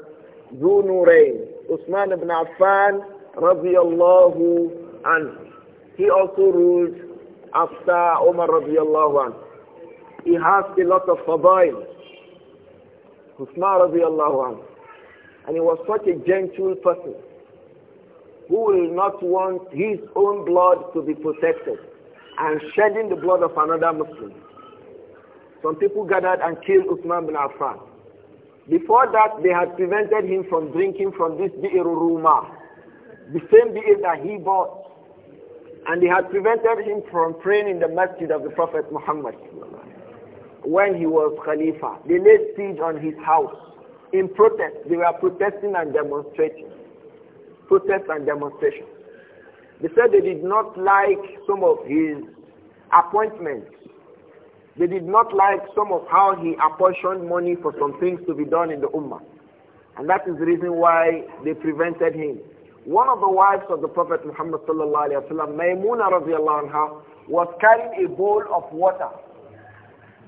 Zunurain, Usman ibn Affan, radiallahu anhu. He also ruled after Umar radiallahu anhu. He has a lot of fadail. Usman radiallahu anhu. And he was such a gentle person who will not want his own blood to be protected and shedding the blood of another Muslim. Some people gathered and killed Uthman bin Affan. Before that, they had prevented him from drinking from this beer Ruma, the same beer that he bought. And they had prevented him from praying in the masjid of the Prophet Muhammad when he was Khalifa. They laid siege on his house in protest. They were protesting and demonstrating protests and demonstrations. They said they did not like some of his appointments. They did not like some of how he apportioned money for some things to be done in the Ummah. And that is the reason why they prevented him. One of the wives of the Prophet Muhammad sallallahu alayhi wa sallam, Maymuna radiallahu anha, was carrying a bowl of water.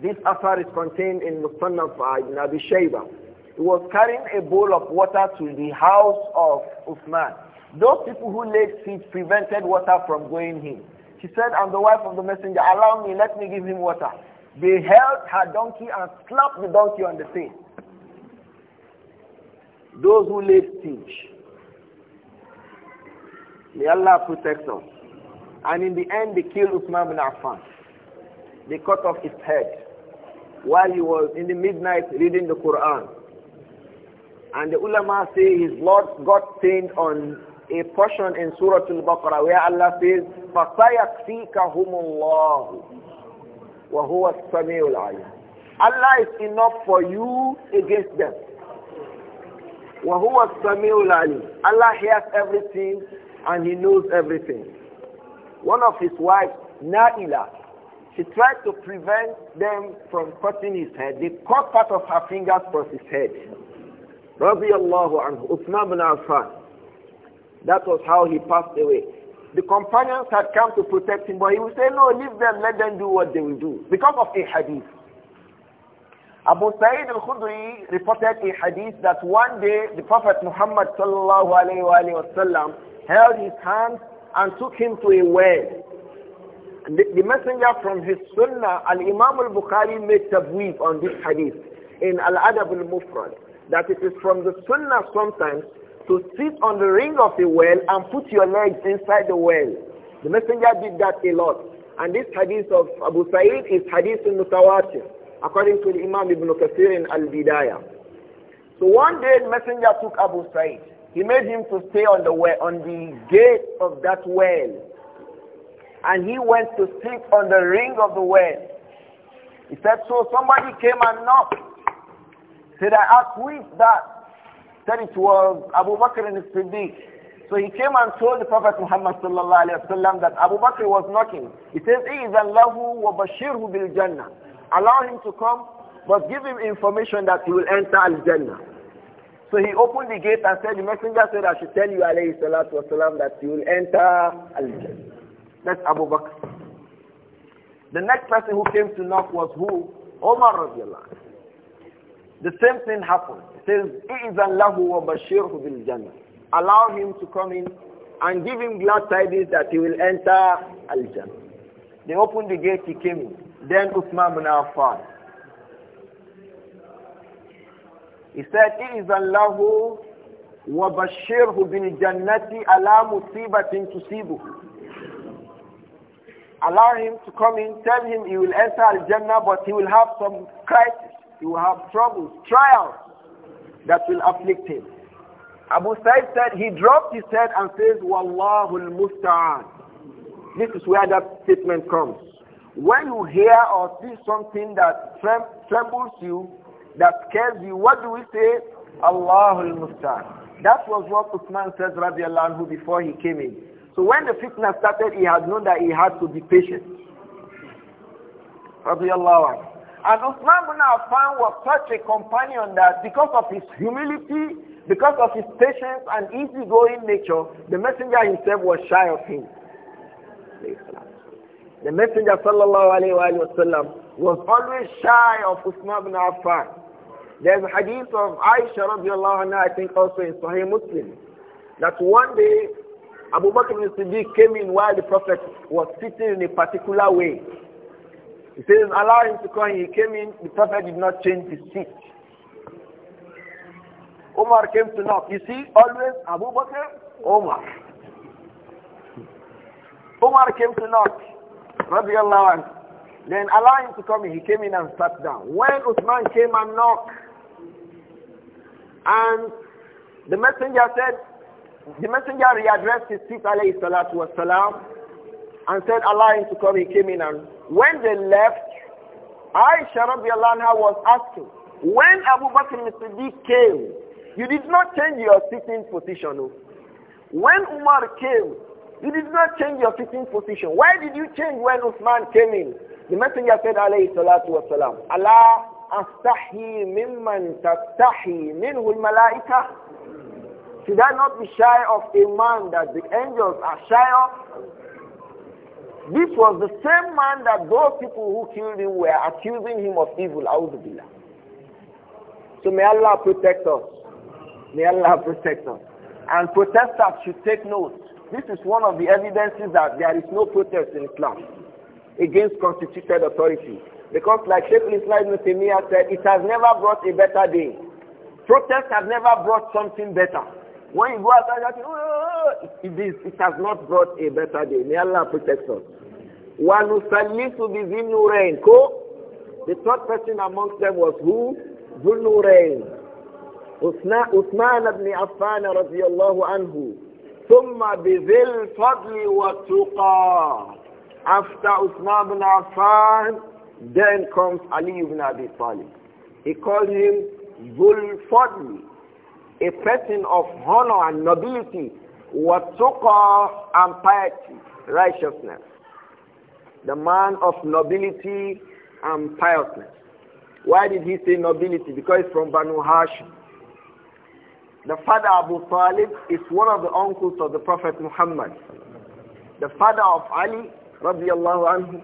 This affair is contained in Musannaf uh, Ibn Abi Shayba. He was carrying a bowl of water to the house of Uthman. Those people who laid siege prevented water from going him. She said, I'm the wife of the messenger. Allow me, let me give him water. They held her donkey and slapped the donkey on the face. Those who laid siege. May Allah protect us. And in the end, they killed Uthman bin Affan. They cut off his head while he was in the midnight reading the Quran. And the ulama say his blood got stained on a portion in Surah Al-Baqarah where Allah says, فَسَيَكْفِيكَهُمُ اللَّهُ وَهُوَ السَّمِيعُ الْعَلِيمُ Allah is enough for you against them. وَهُوَ السَّمِيعُ الْعَلِيمُ Allah hears everything and He knows everything. One of his wives, Naila, she tried to prevent them from cutting his head. They cut part of her fingers from his head. Radiallahu anhu, Uthman bin Affan. That was how he passed away. The companions had come to protect him, but he would say, no, leave them, let them do what they will do. Because of a hadith. Abu Sa'id al-Khudri reported a hadith that one day the Prophet Muhammad sallallahu alayhi wa sallam held his hand and took him to a well. The, the messenger from his sunnah, al-Imam al-Bukhari made tabweef on this hadith in Al-Adab al-Mufrad that it is from the sunnah sometimes to sit on the ring of the well and put your legs inside the well. The messenger did that a lot. And this hadith of Abu Sa'id is hadith in mutawatir, according to the Imam Ibn Kathir in Al-Bidayah. So one day the messenger took Abu Sa'id. He made him to stay on the well, on the gate of that well. And he went to sit on the ring of the well. He said, so somebody came and knocked. Said, I asked, who is that? Said it was Abu Bakr and Siddiq. So he came and told the Prophet Muhammad sallallahu alayhi wasallam that Abu Bakr was knocking. He says, إِذَا لَهُ وَبَشِّرْهُ بِالْجَنَّةِ Allow him to come, but give him information that he will enter Al-Jannah. So he opened the gate and said, the messenger said, I should tell you alayhi salatu wasalam that you will enter Al-Jannah. That's Abu Bakr. The next person who came to knock was who? Omar radiallahu the same thing happened. It says, will لَهُ وَبَشِّرْهُ بِالْجَنَّةِ Allow him to come in and give him glad tidings that he will enter Al-Jannah. They opened the gate, he came in. Then Uthman bin Affan. He said, Allah who will بِالْجَنَّةِ أَلَا مُصِيبَةٍ He Allow him to come in, tell him he will enter Al-Jannah, but he will have some crisis he will have troubles, trials that will afflict him. Abu Sa'id said he dropped his head and says, Wallahu al-musta'an. This is where that statement comes. When you hear or see something that trembles you, that scares you, what do we say? Allahu al-musta'an. That was what Uthman says, radiallahu anhu, before he came in. So when the fitna started, he had known that he had to be patient. Radiallahu anhu. And Uthman bin Affan was such a companion that because of his humility, because of his patience and easygoing nature, the messenger himself was shy of him. The messenger sallallahu alayhi wa sallam was always shy of Uthman bin Affan. There's a hadith of Aisha radiallahu anha, I think also in Sahih Muslim, that one day Abu Bakr ibn Siddiq came in while the Prophet was sitting in a particular way. He says, allow him to come. He came in, the Prophet did not change his seat. Omar came to knock. You see, always Abu Bakr, Omar. Omar came to knock. Radiallahu anhu. Then allow him to come in. He came in and sat down. When Uthman came and knocked, and the messenger said, the messenger readdressed his seat, alayhi salatu wasalam, and said Allah is to come, he came in and when they left, Aisha anha was asking, when Abu Bakr al-Siddiq came, you did not change your sitting position. Oh. When Umar came, you did not change your sitting position. Why did you change when Uthman came in? The messenger said, alayhi salatu wasalam, Allah astahi mimman tastahi minhu al-malaika. Should I not be shy of a man that the angels are shy of? This was the same man that those people who killed him were accusing him of evil, Auzubillah. So may Allah protect us. May Allah protect us. And protesters should take note. This is one of the evidences that there is no protest in Islam against constituted authority. Because like Sheikh Islam Ibn said, it has never brought a better day. Protests have never brought something better. When you go outside, you say, oh, it, is, it has not brought a better day. May Allah protect us. وَنُسَلِّسُ بِذِنُّرَيْنِ Ko? The third person amongst them was who? ذُنُّرَيْنِ عثمان بن عفان رضي الله عنه ثم بذي فضل والتقى After Uthman bin Affan, then comes Ali ibn Abi Talib. He called him Zul Fadli, a person of honor and nobility, Watuqa and piety, righteousness. The man of nobility and piousness. Why did he say nobility? Because from Banu Hashim. The father Abu Talib is one of the uncles of the Prophet Muhammad. The father of Ali, radiallahu anhu,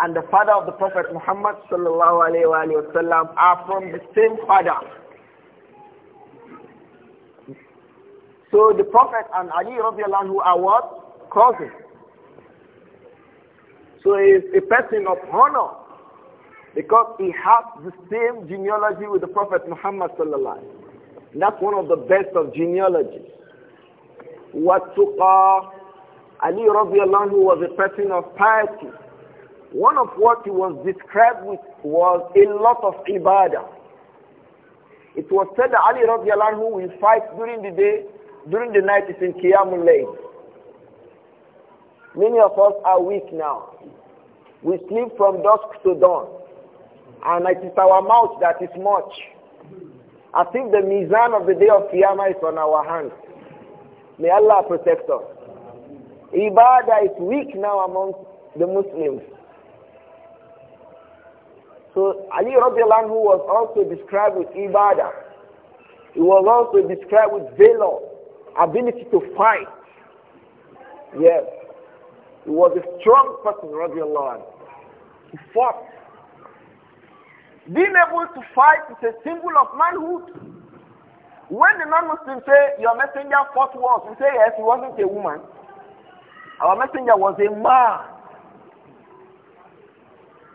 and the father of the Prophet Muhammad, sallallahu alayhi wa sallam, are from the same father. So the Prophet and Ali radiallahu are what? Cousins. So he is a person of honor because he has the same genealogy with the Prophet Muhammad sallallahu That's one of the best of genealogies. Watuqa Ali radiallahu was a person of piety. One of what he was described with was a lot of ibadah. It was said that Ali radiallahu will fight during the day during the night, it's in Qiyamul Layl. Many of us are weak now. We sleep from dusk to dawn. And it is our mouth that is much. I think the mizan of the day of Qiyamah is on our hands. May Allah protect us. Ibadah is weak now among the Muslims. So Ali Radiallahu was also described with Ibadah. He was also described with valor ability to fight. Yes. He was a strong person, radiallahu anhu. He fought. Being able to fight is a symbol of manhood. When the non-Muslims say, your messenger fought wars, we say, yes, he wasn't a woman. Our messenger was a man.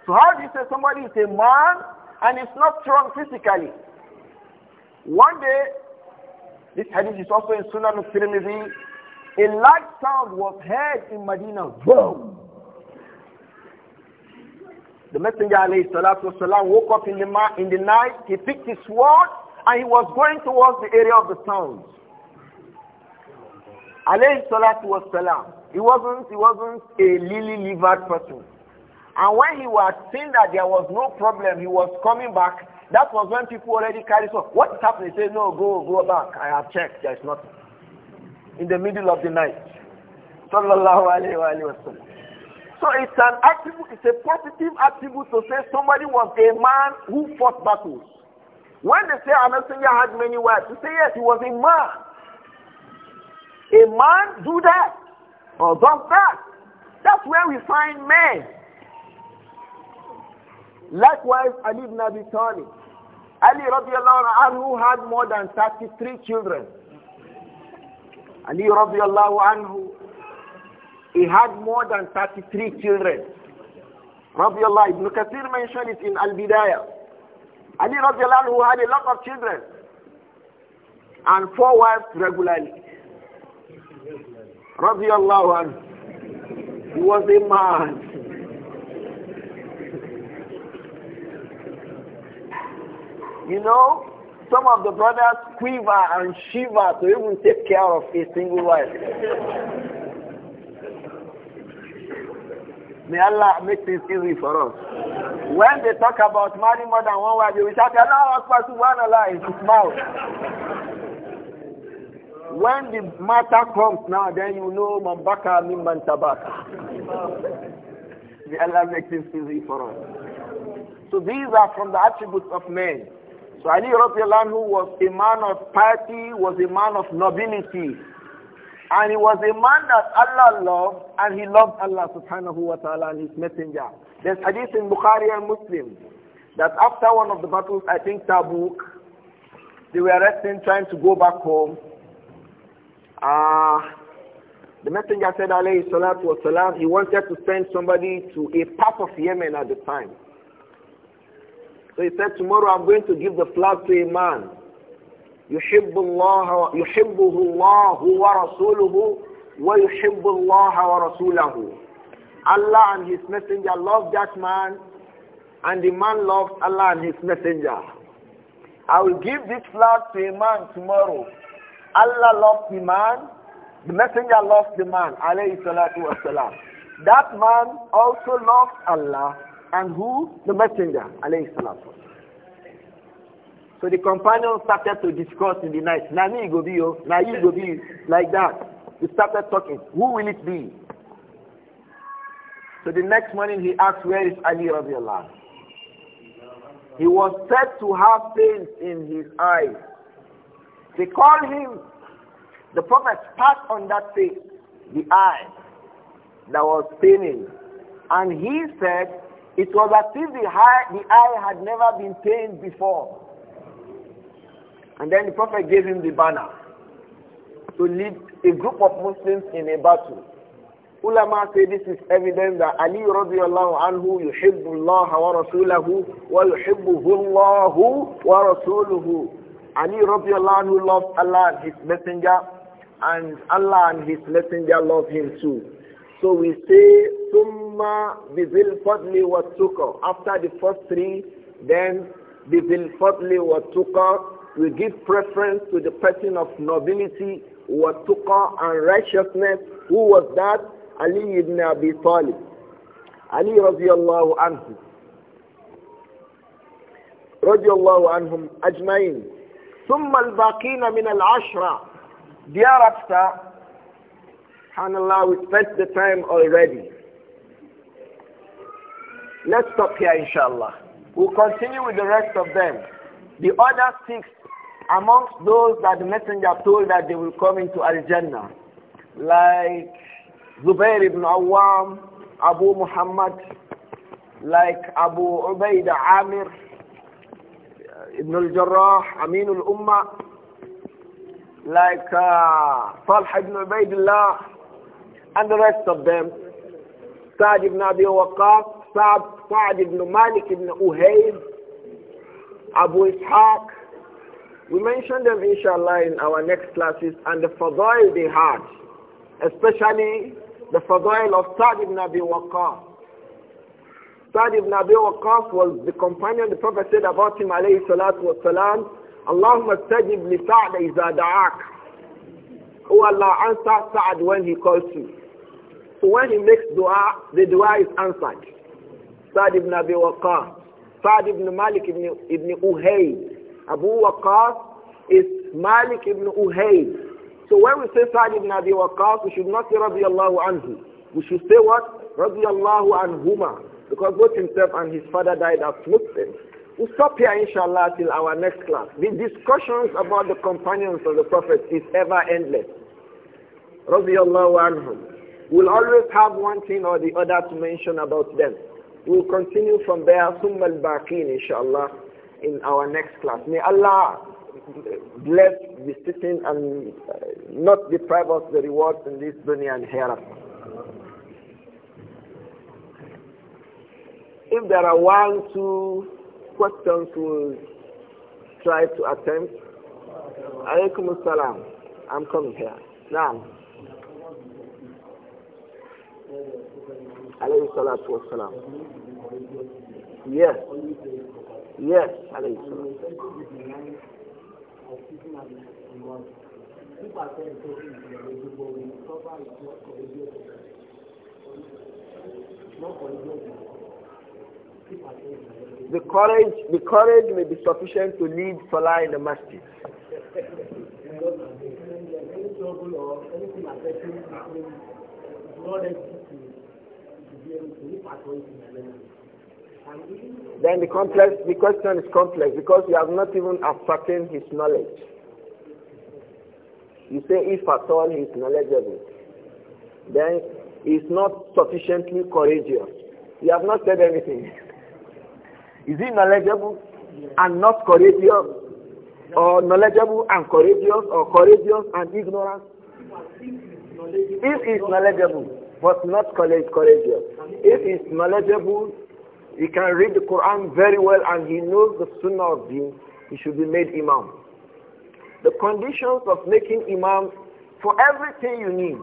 So how do you say somebody is a man and is not strong physically? One day, this hadith is also in Sunan al-Tirmidhi. A loud sound was heard in Medina. Boom! The Messenger والسلام, woke up in the, in the night, he picked his sword, and he was going towards the area of the sound. والسلام, he wasn't, he wasn't a lily-livered person. And when he was seen that there was no problem, he was coming back, that was when people already carried so what is happening? They say, no, go, go back. I have checked. There is nothing. In the middle of the night. Sallallahu alayhi wa, So it's an attribute, it's a positive attribute to say somebody was a man who fought battles. When they say a messenger had many wives, you say yes, he was a man. A man do that or dump that. That's where we find men Likewise, Ali ibn Abi Talib. Ali radiallahu anhu had more than 33 children. Ali radiallahu anhu, he had more than 33 children. Radiallahu, Ibn Kathir mentioned it in Al-Bidayah. Ali radiallahu anhu had a lot of children and four wives regularly. Radiallahu anhu, he was a man. You know, some of the brothers quiver and shiver to even take care of a single wife. May Allah make this easy for us. When they talk about marrying more than one wife, they will shout, Allah Akbar one in his mouth. When the matter comes now, then you know Mambaka Mimman Tabaka. May Allah make this easy for us. So these are from the attributes of men. So Ali Anhu was a man of piety, was a man of nobility. And he was a man that Allah loved, and he loved Allah subhanahu wa ta'ala and his messenger. There's hadith in Bukhari and Muslim that after one of the battles, I think Tabuk, they were resting, trying to go back home. Uh, the messenger said, alayhi salatu wasalam, he wanted to send somebody to a part of Yemen at the time. So he said, tomorrow I'm going to give the flag to a man. يحب الله يحبه الله ورسوله ويحب الله ورسوله Allah and his messenger love that man and the man loves Allah and his messenger. I will give this flag to a man tomorrow. Allah loves the man, the messenger loves the man, alayhi salatu wasalam. That man also loves Allah and who? The messenger, alayhi salatu So the companion started to discuss in the night, na me go be yo, oh. na you go be like that. He started talking, who will it be? So the next morning he asked, where is Ali radiallahu He was said to have pains in his eyes. They called him, the prophet passed on that face, the eye that was paining. And he said, it was as if the eye, the eye had never been pained before. And then the Prophet gave him the banner to lead a group of Muslims in a battle. Ulama say this is evidence that Ali radiallahu anhu yuhibbu Allah wa rasulahu wa yuhibbuhu Allah wa rasuluhu. Ali radiallahu anhu loves Allah and his messenger and Allah and his messenger love him too. So we say, Summa bizil fadli wa tuqa. After the first three, then bizil fadli wa tuqa. We give preference to the person of nobility, wa tuqa, and righteousness. Who was that? Ali ibn Abi Talib. Ali radiallahu anhu. Radiallahu anhum ajmain. Summa ثم الباقين من العشرة thereafter SubhanAllah, we spent the time already. Let's stop here, inshallah. We'll continue with the rest of them. The other six amongst those that the messenger told that they will come into Al-Jannah, like Zubair ibn Awam, Abu Muhammad, like Abu Ubaidah Amir, Ibn al-Jarrah, Amin al-Ummah, like uh, Talha ibn Ubaidullah, and the rest of them. Sa'd ibn Abi Waqqas, Sa'd, Sa'd ibn Malik ibn Uhayb, Abu Ishaq. We mentioned them inshallah in our next classes and the fadail they had, especially the fadail of Sa'd ibn Abi Waqqas. Sa'd ibn Abi Waqqas was the companion the Prophet said about him alayhi salatu wasalam, Allahumma stajib li Sa'd iza da'ak. Oh Allah, answer Sa'd when he calls you. So when he makes dua, the dua is answered. Sa'd ibn Abi Waqqas, Sa'd ibn Malik ibn, ibn Uhayd. Abu Waqqas is Malik ibn Uhayd. So when we say Sa'd ibn Abi Waqqas, we should not say radiyallahu anhu. We should say what? Radiyallahu anhuma. Because both himself and his father died as Muslims. We'll stop here, inshallah, till our next class. The discussions about the companions of the Prophet is ever endless. Radiallahu anhum. We'll always have one thing or the other to mention about them. We'll continue from there, ثم الباقين inshallah, in our next class. May Allah bless the sitting and uh, not deprive us the rewards in this dunya and hereafter. If there are one, two questions, we'll try to attempt. Alaykum as-salam. I'm coming here. Now. alayhi salatu salam. Yes. Yes, alayhi salatu the courage, the courage may be sufficient to lead Salah in the masjid. Then the complex, the question is complex because you have not even ascertained his knowledge. You say if at all he is knowledgeable, then he is not sufficiently courageous. You have not said anything. Is he knowledgeable and not courageous? Or knowledgeable and courageous or courageous and ignorant? If he is knowledgeable, but not courageous. If he's knowledgeable, he can read the Quran very well and he knows the Sunnah of Deen, he should be made Imam. The conditions of making Imam for everything you need,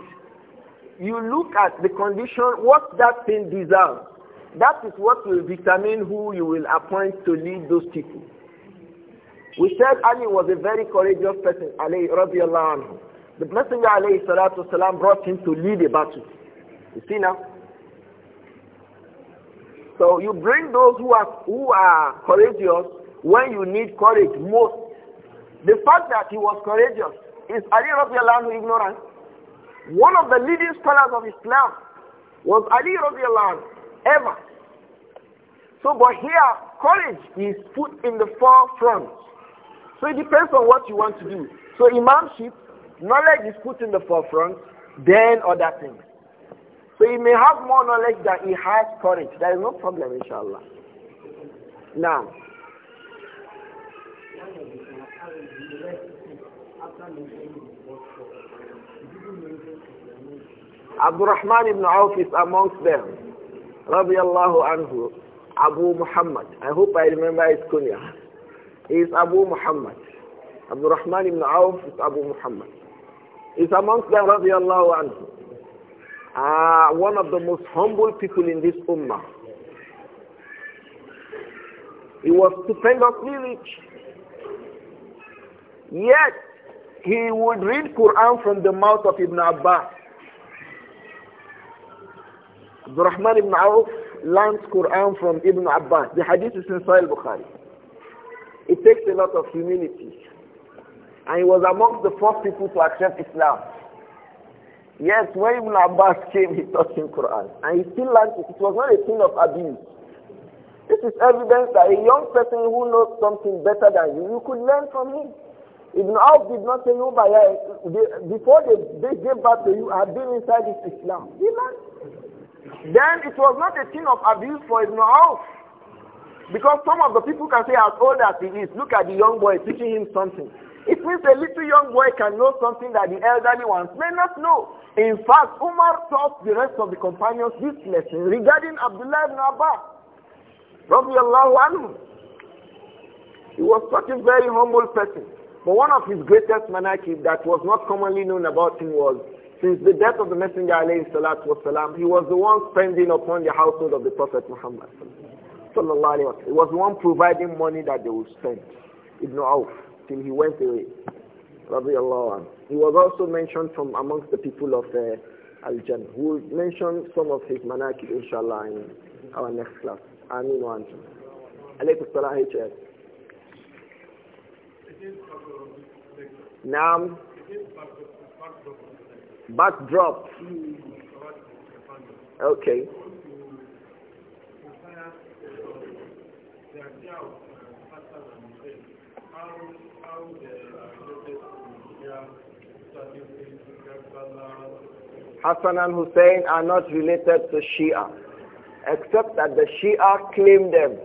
you look at the condition, what that thing deserves. That is what will determine who you will appoint to lead those people. We said Ali was a very courageous person, Ali radiallahu anhu. The Messenger alayhi salatu brought him to lead a battle. You see now? So you bring those who are who are courageous when you need courage most. The fact that he was courageous is Ali radiallahu anhu ignorant. One of the leading scholars of Islam was Ali radiallahu anhu, ever. So but here courage is put in the forefront. So it depends on what you want to do. So imamship, knowledge is put in the forefront, then other things. So he may have more knowledge than he has courage. There is no problem, inshallah. Now. Abdul Rahman ibn Auf is amongst them. Rabbi Allahu anhu. Abu Muhammad. I hope I remember his kunya. He is Abu Muhammad. Abdul Rahman ibn Auf is Abu Muhammad. is amongst them, Rabbi Allahu anhu are one of the most humble people in this ummah. He was stupendously rich. Yet, he would read Quran from the mouth of Ibn Abbas. Rahman ibn Auf learned Quran from Ibn Abbas. The hadith is in Sahih Bukhari. It takes a lot of humility. And he was amongst the first people to accept Islam. Yes, when Ibn Abbas came, he taught him Quran. And he still learned it. It was not a thing of abuse. This is evidence that a young person who knows something better than you, you could learn from him. Ibn Abbas did not say, no, but uh, before they, they gave birth to you, I had been inside this Islam. He learned. Then it was not a thing of abuse for Ibn Abbas. Because some of the people can say, as old as he is, look at the young boy teaching him something. It means a little young boy can know something that the elderly ones may not know. In fact, Umar taught the rest of the companions this lesson regarding Abdullah ibn Abbas. Anhu. He was such a very humble person. But one of his greatest manakib that was not commonly known about him was since the death of the Messenger والسلام, he was the one spending upon the household of the Prophet Muhammad. He was the one providing money that they would spend. Ibn how till he went away. He was also mentioned from amongst the people of uh, Al-Jannah. We will mention some of his manakib, inshallah, in our next class. Amin wa antum. Alaykum salam, H.S. Naam. Backdrop. Okay. Hassan and Hussein are not related to Shia, except that the Shia claim them.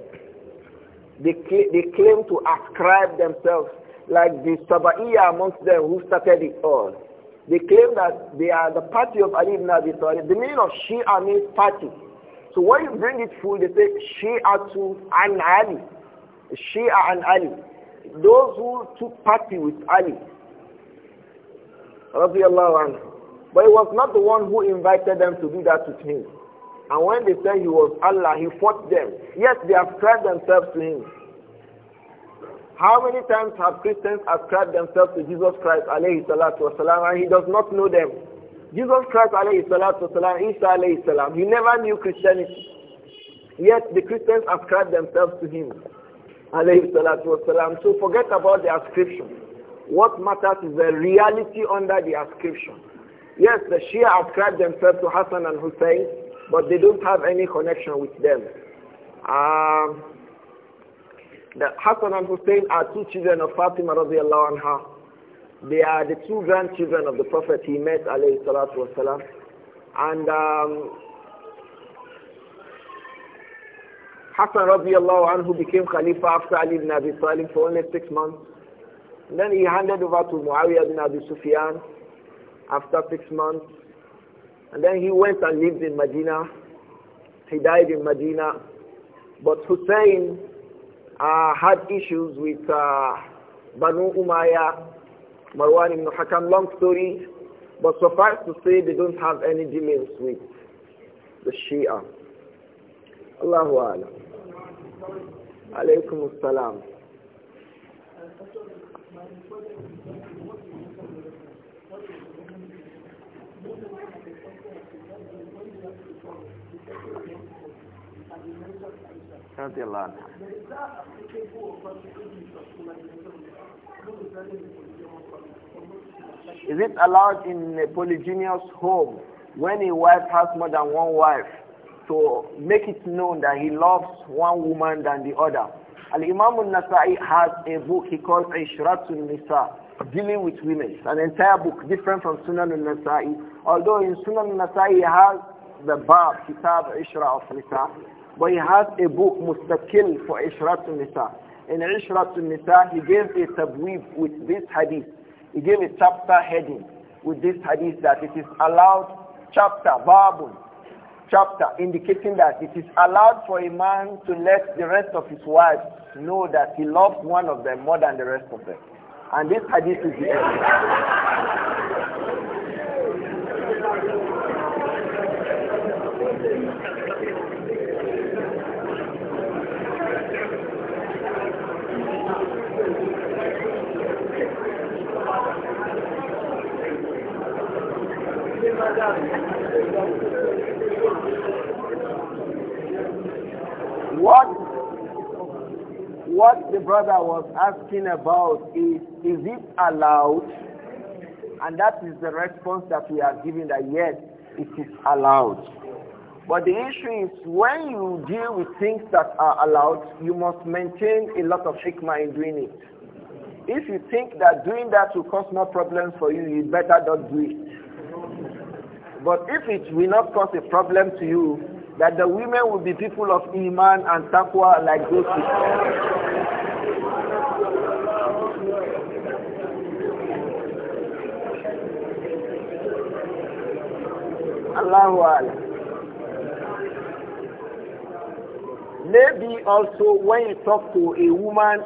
They, cl they claim to ascribe themselves like the Saba'iyya amongst them who started it all. They claim that they are the party of Ali ibn Abi Talib. The meaning of Shia means party. So when you bring it full, they say Shia to an Ali. Shia and Ali those who took party with Ali, but he was not the one who invited them to do that with him. And when they said he was Allah, he fought them. Yet they ascribed themselves to him. How many times have Christians ascribed themselves to Jesus Christ alayhi salatu wasalam and he does not know them? Jesus Christ alayhi salatu wasalam, Isa alayhi salam, he never knew Christianity. Yet the Christians ascribe themselves to him alayhi So forget about the ascription. What matters is the reality under the ascription. Yes, the Shia ascribe themselves to Hassan and Hussein, but they don't have any connection with them. Um, the Hassan and Hussein are two children of Fatima radiallahu anha. They are the two grandchildren of the Prophet he met alayhi salatu wasalam. And um, Hassan radiallahu anhu became Khalifa after Ali ibn Abi Talib for only six months. And then he handed over to Muawiyah ibn Abi Sufyan after six months. And then he went and lived in Medina. He died in Medina. But Hussein uh, had issues with uh, Banu Umayyah, Marwan ibn Hakam, long story. But suffice to say, they don't have any dealings with the Shia. Allahu Alam. Alaykum assalam. رضي الله Is it allowed in a polygynous home when a wife has more than one wife to make it known that he loves one woman than the other. Al-Imam al-Nasa'i has a book he calls Ishratun Nisa, dealing with women. It's an entire book, different from Sunan al-Nasa'i. Although in Sunan al-Nasa'i he has the Bab, Kitab Ishra of Nisa, but he has a book, Mustaqil, for Ishratun Nisa. In Ishratun Nisa, he gave a tabweeb with this hadith. He gave a chapter heading with this hadith that it is allowed, chapter, babun, chapter indicating that it is allowed for a man to let the rest of his wives know that he loves one of them more than the rest of them. And this hadith is the end. What, what the brother was asking about is, is it allowed? And that is the response that we are giving that yes, it is allowed. But the issue is when you deal with things that are allowed, you must maintain a lot of hikmah in doing it. If you think that doing that will cause more problems for you, you better not do it. But if it will not cause a problem to you, that the women will be people of iman and taqwa like those people. Allahu Maybe also when you talk to a woman,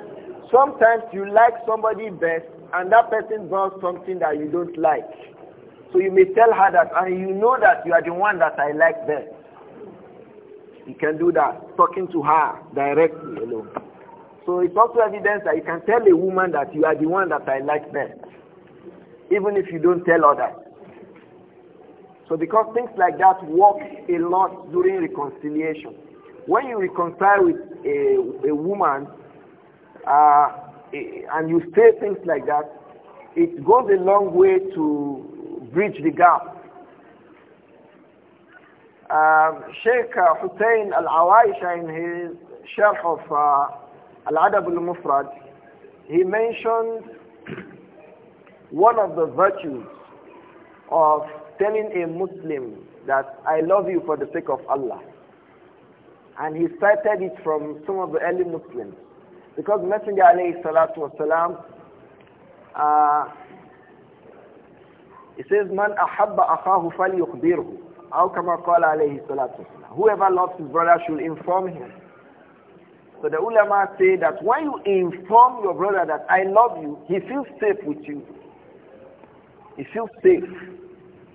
sometimes you like somebody best and that person does something that you don't like. So you may tell her that and you know that you are the one that I like best. You can do that, talking to her directly alone. So it's also evidence that you can tell a woman that you are the one that I like best, even if you don't tell others. So because things like that work a lot during reconciliation. When you reconcile with a, a woman uh, and you say things like that, it goes a long way to bridge the gap um, Sheikh Hussein Al-Awaisha in his Sharh of uh, Al-Adab Al-Mufrad, he mentioned one of the virtues of telling a Muslim that I love you for the sake of Allah. And he cited it from some of the early Muslims. Because Messenger alayhi salatu wasalam, uh, he says, Man ahabba akhahu yukbirhu." How come call alayhi salatu Whoever loves his brother should inform him. So the ulama say that when you inform your brother that I love you, he feels safe with you. He feels safe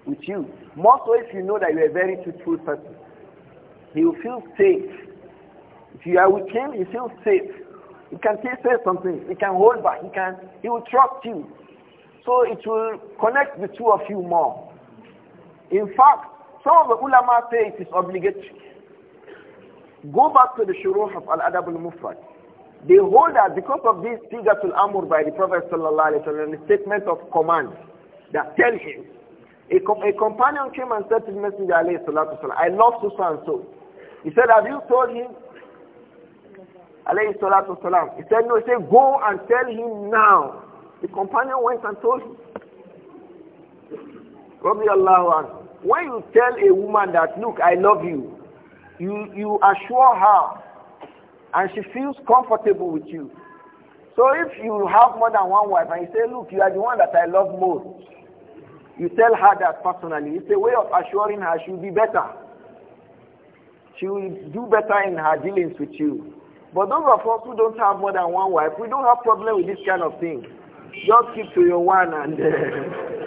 with you. More so if you know that you are a very truthful person. He will feel safe. If you are with him, he feels safe. He can say something. He can hold back. He can. He will trust you. So it will connect the two of you more. In fact, some of the ulama say it is obligatory. Go back to the shuruh of Al-Adab al-Mufrad. They hold that because of this sigatul amur by the Prophet sallallahu alaihi wasallam, the statement of command that tell him, a, com a companion came and said to the Messenger alayhi salatu wasallam, I love so and so. He said, have you told him? Alayhi salatu wasallam. He said, no, he said, go and tell him now. The companion went and told him. Rabbi Allahu anhu. When you tell a woman that, look, I love you, you, you assure her and she feels comfortable with you. So if you have more than one wife and you say, look, you are the one that I love most, you tell her that personally. It's a way of assuring her she'll be better. She will do better in her dealings with you. But those of us who don't have more than one wife, we don't have problem with this kind of thing. Just keep to your one and... Uh,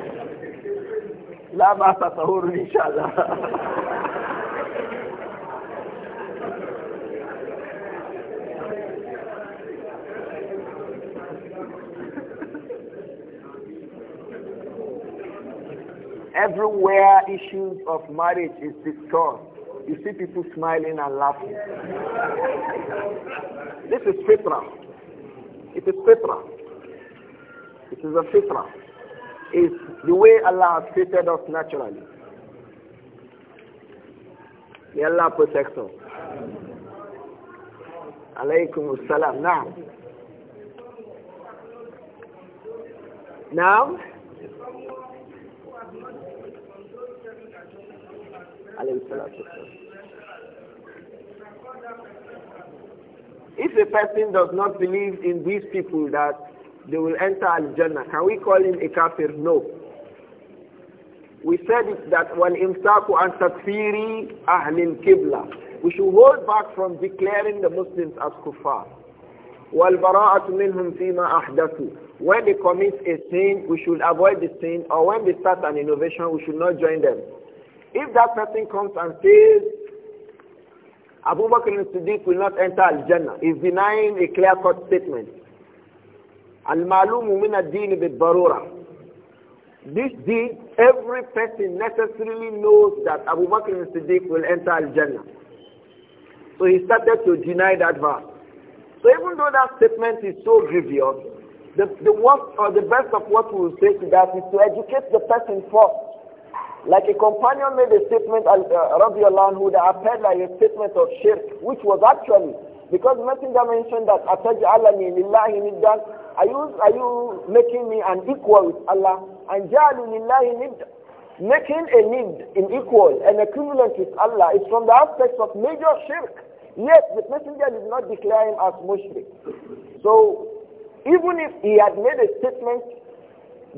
لا بأس طهور إن شاء الله Everywhere issues of marriage is discussed, you see people smiling and laughing. This is fitra. It is fitra. It is a fitra is the way Allah has created us naturally. May Allah protect us. Alaykum Now, now, If a person does not believe in these people that they will enter Al-Jannah. Can we call him a kafir? No. We said it that وَالْإِمْسَاكُ عَنْ تَكْفِيرِ ahlin kibla, We should hold back from declaring the Muslims as kuffar. وَالْبَرَاءَةُ مِنْهُمْ فِي مَا أَحْدَثُوا When they commit a sin, we should avoid the sin, or when they start an innovation, we should not join them. If that person comes and says, Abu Bakr al-Siddiq will not enter Al-Jannah, is denying a clear-cut statement. Al-ma'lumu min This deed, every person necessarily knows that Abu Bakr and Siddiq will enter Al-Jannah. So he started to deny that verse. So even though that statement is so grievous, the, the worst or the best of what we will say to that is to educate the person first. Like a companion made a statement, uh, Radiallahu who that appeared like a statement of shirk, which was actually, because Messenger mentioned that, are you, are you making me an equal with Allah? And ja'alu lillahi nibda. Making a need in equal and equivalent with Allah is from the aspects of major shirk. Yet the messenger did not declare him as mushrik. So even if he had made a statement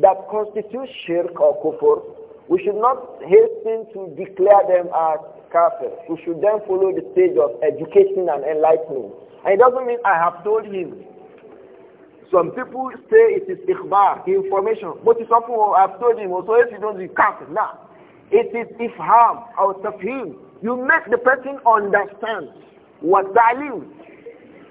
that constitutes shirk or kufr, we should not hasten to declare them as kafir. We should then follow the stage of education and enlightenment. And it doesn't mean I have told him some people say it is ikhbar, information. But it's often I've told him so if you don't you can't nah. It is ifham or tafhim. You make the person understand what value.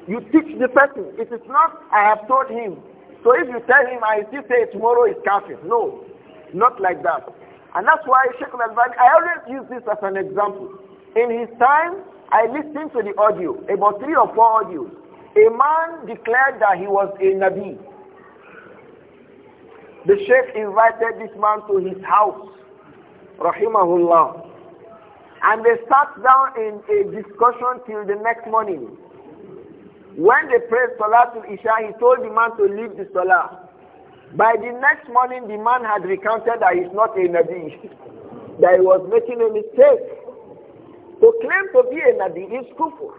You teach the person. It is not I have told him. So if you tell him I still say tomorrow is kafir. No, not like that. And that's why Sheikh I always use this as an example. In his time, I listened to the audio, about three or four audios. A man declared that he was a Nabi. The Sheikh invited this man to his house, rahimahullah. And they sat down in a discussion till the next morning. When they prayed Salatul Isha, he told the man to leave the Salah. By the next morning, the man had recounted that he's not a Nabi, that he was making a mistake. To claim to be a Nabi is kufur.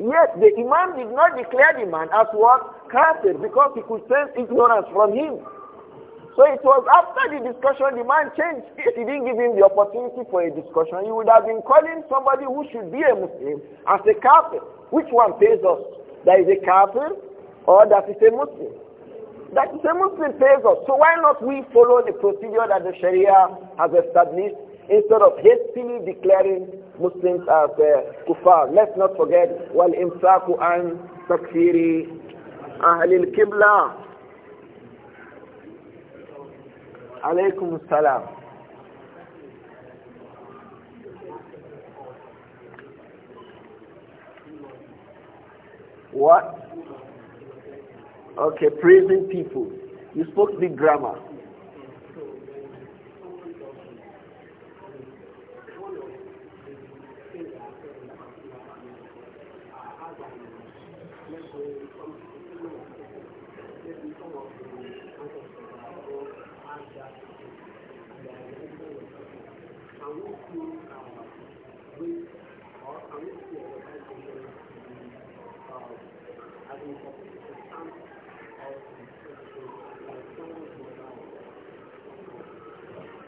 Yet the Imam did not declare the man as what? Kafir, because he could sense ignorance from him. So it was after the discussion the man changed. If he didn't give him the opportunity for a discussion, he would have been calling somebody who should be a Muslim as a kafir. Which one pays us? That is a kafir or that is a Muslim? That is a Muslim pays us. So why not we follow the procedure that the Sharia has established instead of hastily declaring Muslims as uh, kuffar. Let's not forget, an عَنْ ahli al-kibla. Alaykum salam. What? Okay, praising people. You spoke big grammar.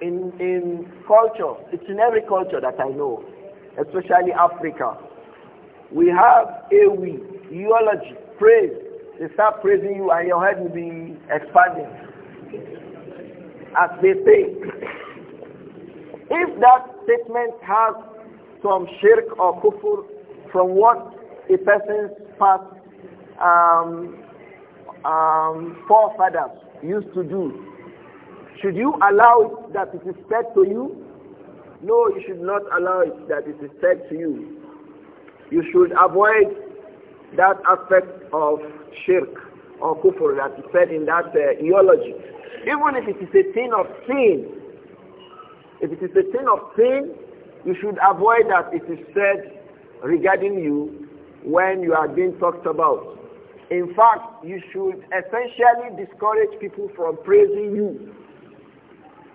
in, in culture, it's in every culture that I know, especially Africa. We have a we eulogy, praise. They start praising you and your head will be expanding. As they say. If that statement has some shirk or kufur from what a person's past um, um, forefathers used to do, should you allow it that it is said to you? No, you should not allow it that it is said to you. You should avoid that aspect of shirk or kufr that is said in that uh, eulogy. Even if it is a sin of sin, if it is a sin of sin, you should avoid that it is said regarding you when you are being talked about. In fact, you should essentially discourage people from praising you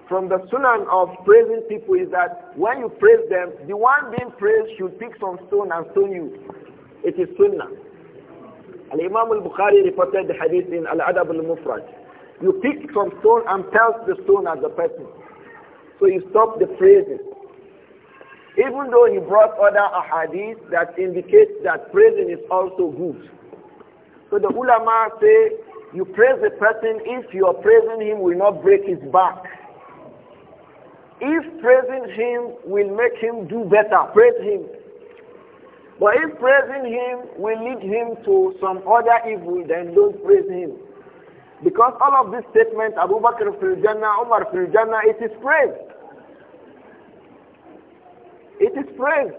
from the sunan of praising people is that when you praise them, the one being praised should pick some stone and stone you. It is sunnah. Al-Imam al-Bukhari reported the hadith in Al-Adab al-Mufrad. You pick some stone and pelt the stone at the person. So you stop the praising. Even though he brought other ahadith that indicates that praising is also good. So the ulama say you praise a person if your praising him will not break his back. If praising him will make him do better, praise him. But if praising him will lead him to some other evil, then don't praise him. Because all of these statements, Abu Bakr fil Jannah, Umar fil Jannah, it is praise. It is praise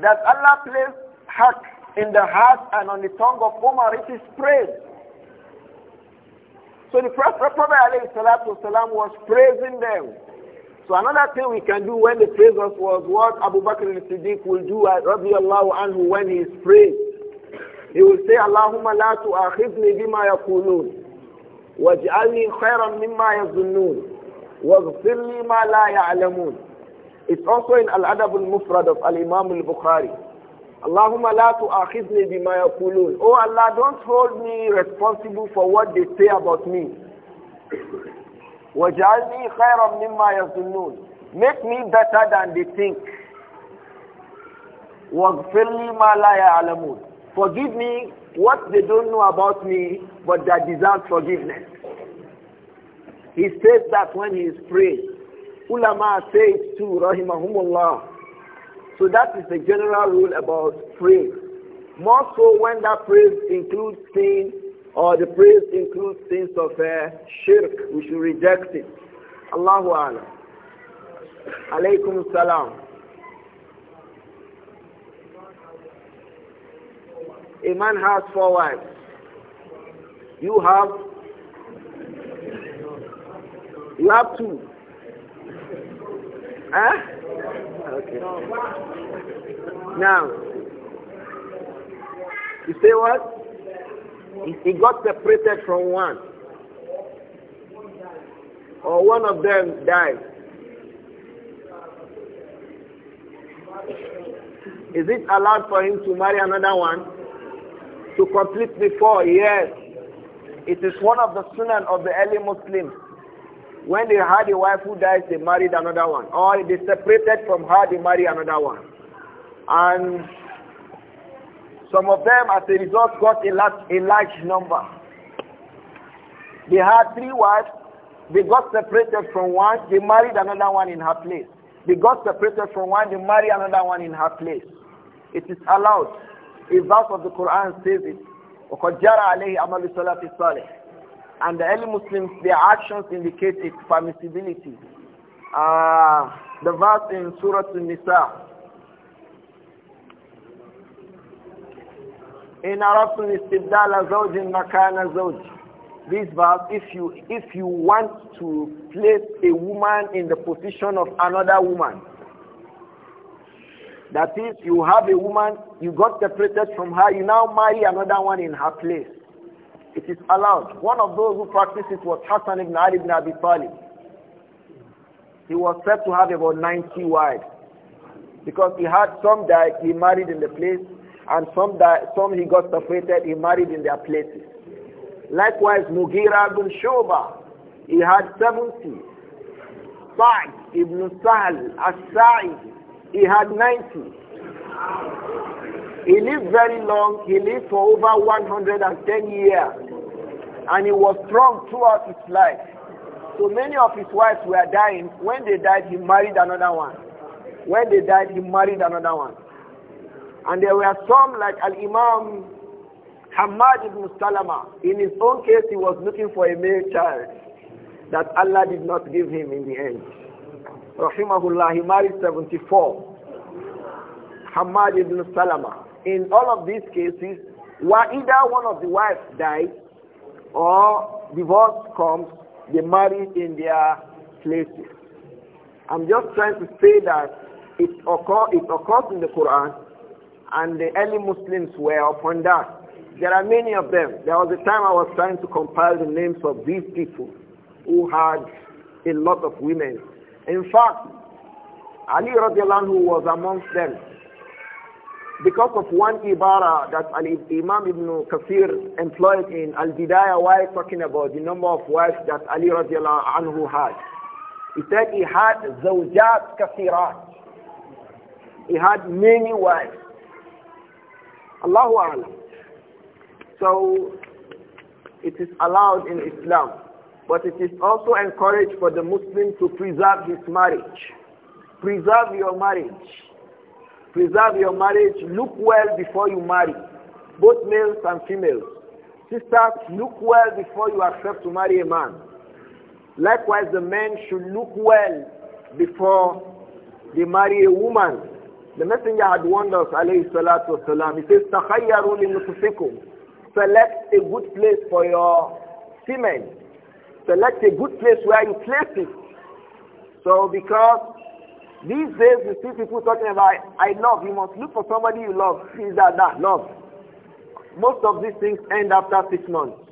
that Allah placed haq in the heart and on the tongue of Umar. It is praise. So the Prophet ﷺ was praising them so another thing we can do when they praise us was what Abu Bakr al-Siddiq will do at uh, radiallahu anhu when he is praised. He will say, Allahumma la tu'akhidni bima yakulun. Waj'alni khairan mimma yazunnun. Waghfirli ma la ya'lamun. It's also in Al-Adab al-Mufrad of Al-Imam al-Bukhari. Allahumma la tu'akhidni bima yakulun. Oh Allah, don't hold me responsible for what they say about me. وَجَعَلْنِي خَيْرًا مِمَّا يَظُنُّونَ Make me better than they think. وَاغْفِرْ لِي مَا لَا يَعْلَمُونَ Forgive me what they don't know about me, but they deserve forgiveness. He says that when he is praying. Ulama says too, rahimahumullah. So that is the general rule about praise. More so when that praise includes things or the priest includes things of uh, shirk, we should reject it. Allahu Alam. Alaykum Salam. A man has four wives. You have you have two. Huh? Okay. Now you say what? he got separated from one, or one of them died, is it allowed for him to marry another one? To complete the four? Yes. It is one of the sunan of the early Muslims. When they had a wife who dies, they married another one. Or they separated from her, they marry another one. And some of them, as a result, got a large, a large number. They had three wives. They got separated from one. They married another one in her place. They got separated from one. They married another one in her place. It is allowed. A verse of the Quran says it. and the early Muslims, their actions indicate its permissibility. Uh, the verse in Surah An-Nisa, In Arabtum istibdala zawjin makana zawj. This verse, if you, if you want to place a woman in the position of another woman, that is, you have a woman, you got separated from her, you now marry another one in her place. It is allowed. One of those who practiced it was Hassan ibn Ali ibn Abi Talib. He was said to have about 90 wives. Because he had some that he married in the place, and some that some he got separated, he married in their places. Likewise, Mughira ibn Shoba, he had 70. Sa'd ibn Sahl al-Sa'id, he had 90. He lived very long. He lived for over 110 years. And he was strong throughout his life. So many of his wives were dying. When they died, he married another one. When they died, he married another one. And there were some like Al-Imam Hamad ibn Salama. In his own case, he was looking for a male child that Allah did not give him in the end. Rahimahullah, he married 74. Hamad ibn Salama. In all of these cases, either one of the wives died or divorce comes, they marry in their places. I'm just trying to say that it, occur, it occurs in the Quran and the early Muslims were upon that. There are many of them. There was a time I was trying to compile the names of these people who had a lot of women. In fact, Ali radiallahu was amongst them. Because of one ibara that Imam Ibn Kafir employed in Al-Bidayah while talking about the number of wives that Ali radiallahu anhu had. He said he had zawjat kafirat. He had many wives. Allahu Alam. So it is allowed in Islam. But it is also encouraged for the Muslim to preserve his marriage. Preserve your marriage. Preserve your marriage. Look well before you marry, both males and females. Sisters, look well before you accept to marry a man. Likewise, the men should look well before they marry a woman. The messenger had warned us, alayhi salatu wasalam, he says, تَخَيَّرُوا لِنُفُسِكُمْ Select a good place for your semen. Select a good place where you place it. So because these days you see people talking about, I love, you must look for somebody you love. Is that that, love. Most of these things end after six months.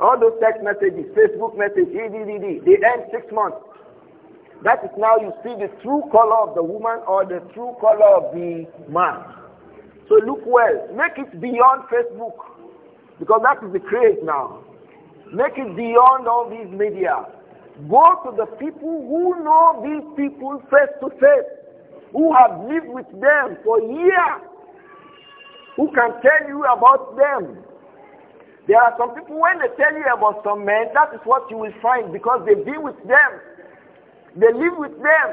All those text messages, Facebook messages, EDDD, they end six months. That is now you see the true color of the woman or the true color of the man. So look well. Make it beyond Facebook because that is the craze now. Make it beyond all these media. Go to the people who know these people face to face, who have lived with them for years, who can tell you about them. There are some people, when they tell you about some men, that is what you will find because they've been with them. They live with them.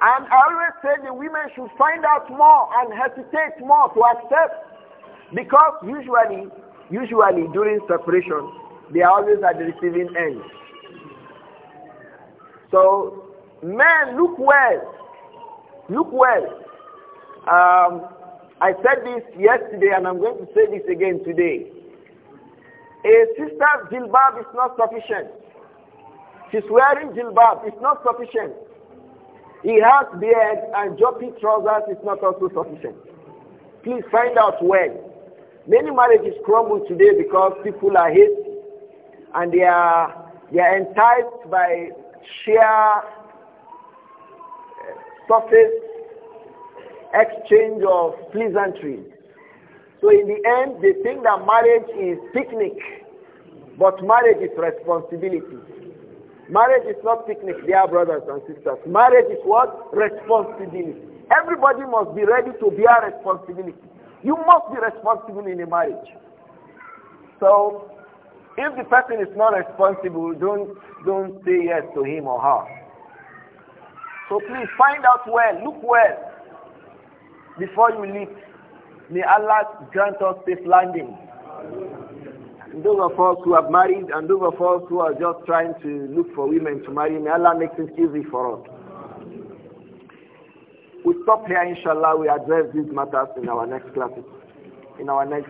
And I always say the women should find out more and hesitate more to accept. Because usually, usually during separation, they are always at the receiving end. So, men, look well. Look well. Um, I said this yesterday and I'm going to say this again today. A sister's jilbab is not sufficient. She's wearing jilbab. It's not sufficient. He has beard and joppy trousers is not also sufficient. Please find out when. Many marriages crumble today because people are hasty and they are, they are enticed by sheer eh, surface exchange of pleasantries. So in the end, they think that marriage is picnic, but marriage is responsibility. Marriage is not picnic, dear brothers and sisters. Marriage is what? Responsibility. Everybody must be ready to bear responsibility. You must be responsible in a marriage. So, if the person is not responsible, don't, don't say yes to him or her. So please find out well, look well before you leave. May Allah grant us safe landing those of us who have married and those of us who are just trying to look for women to marry, may Allah make things easy for us. We stop here, inshallah. We address these matters in our next classes, in our next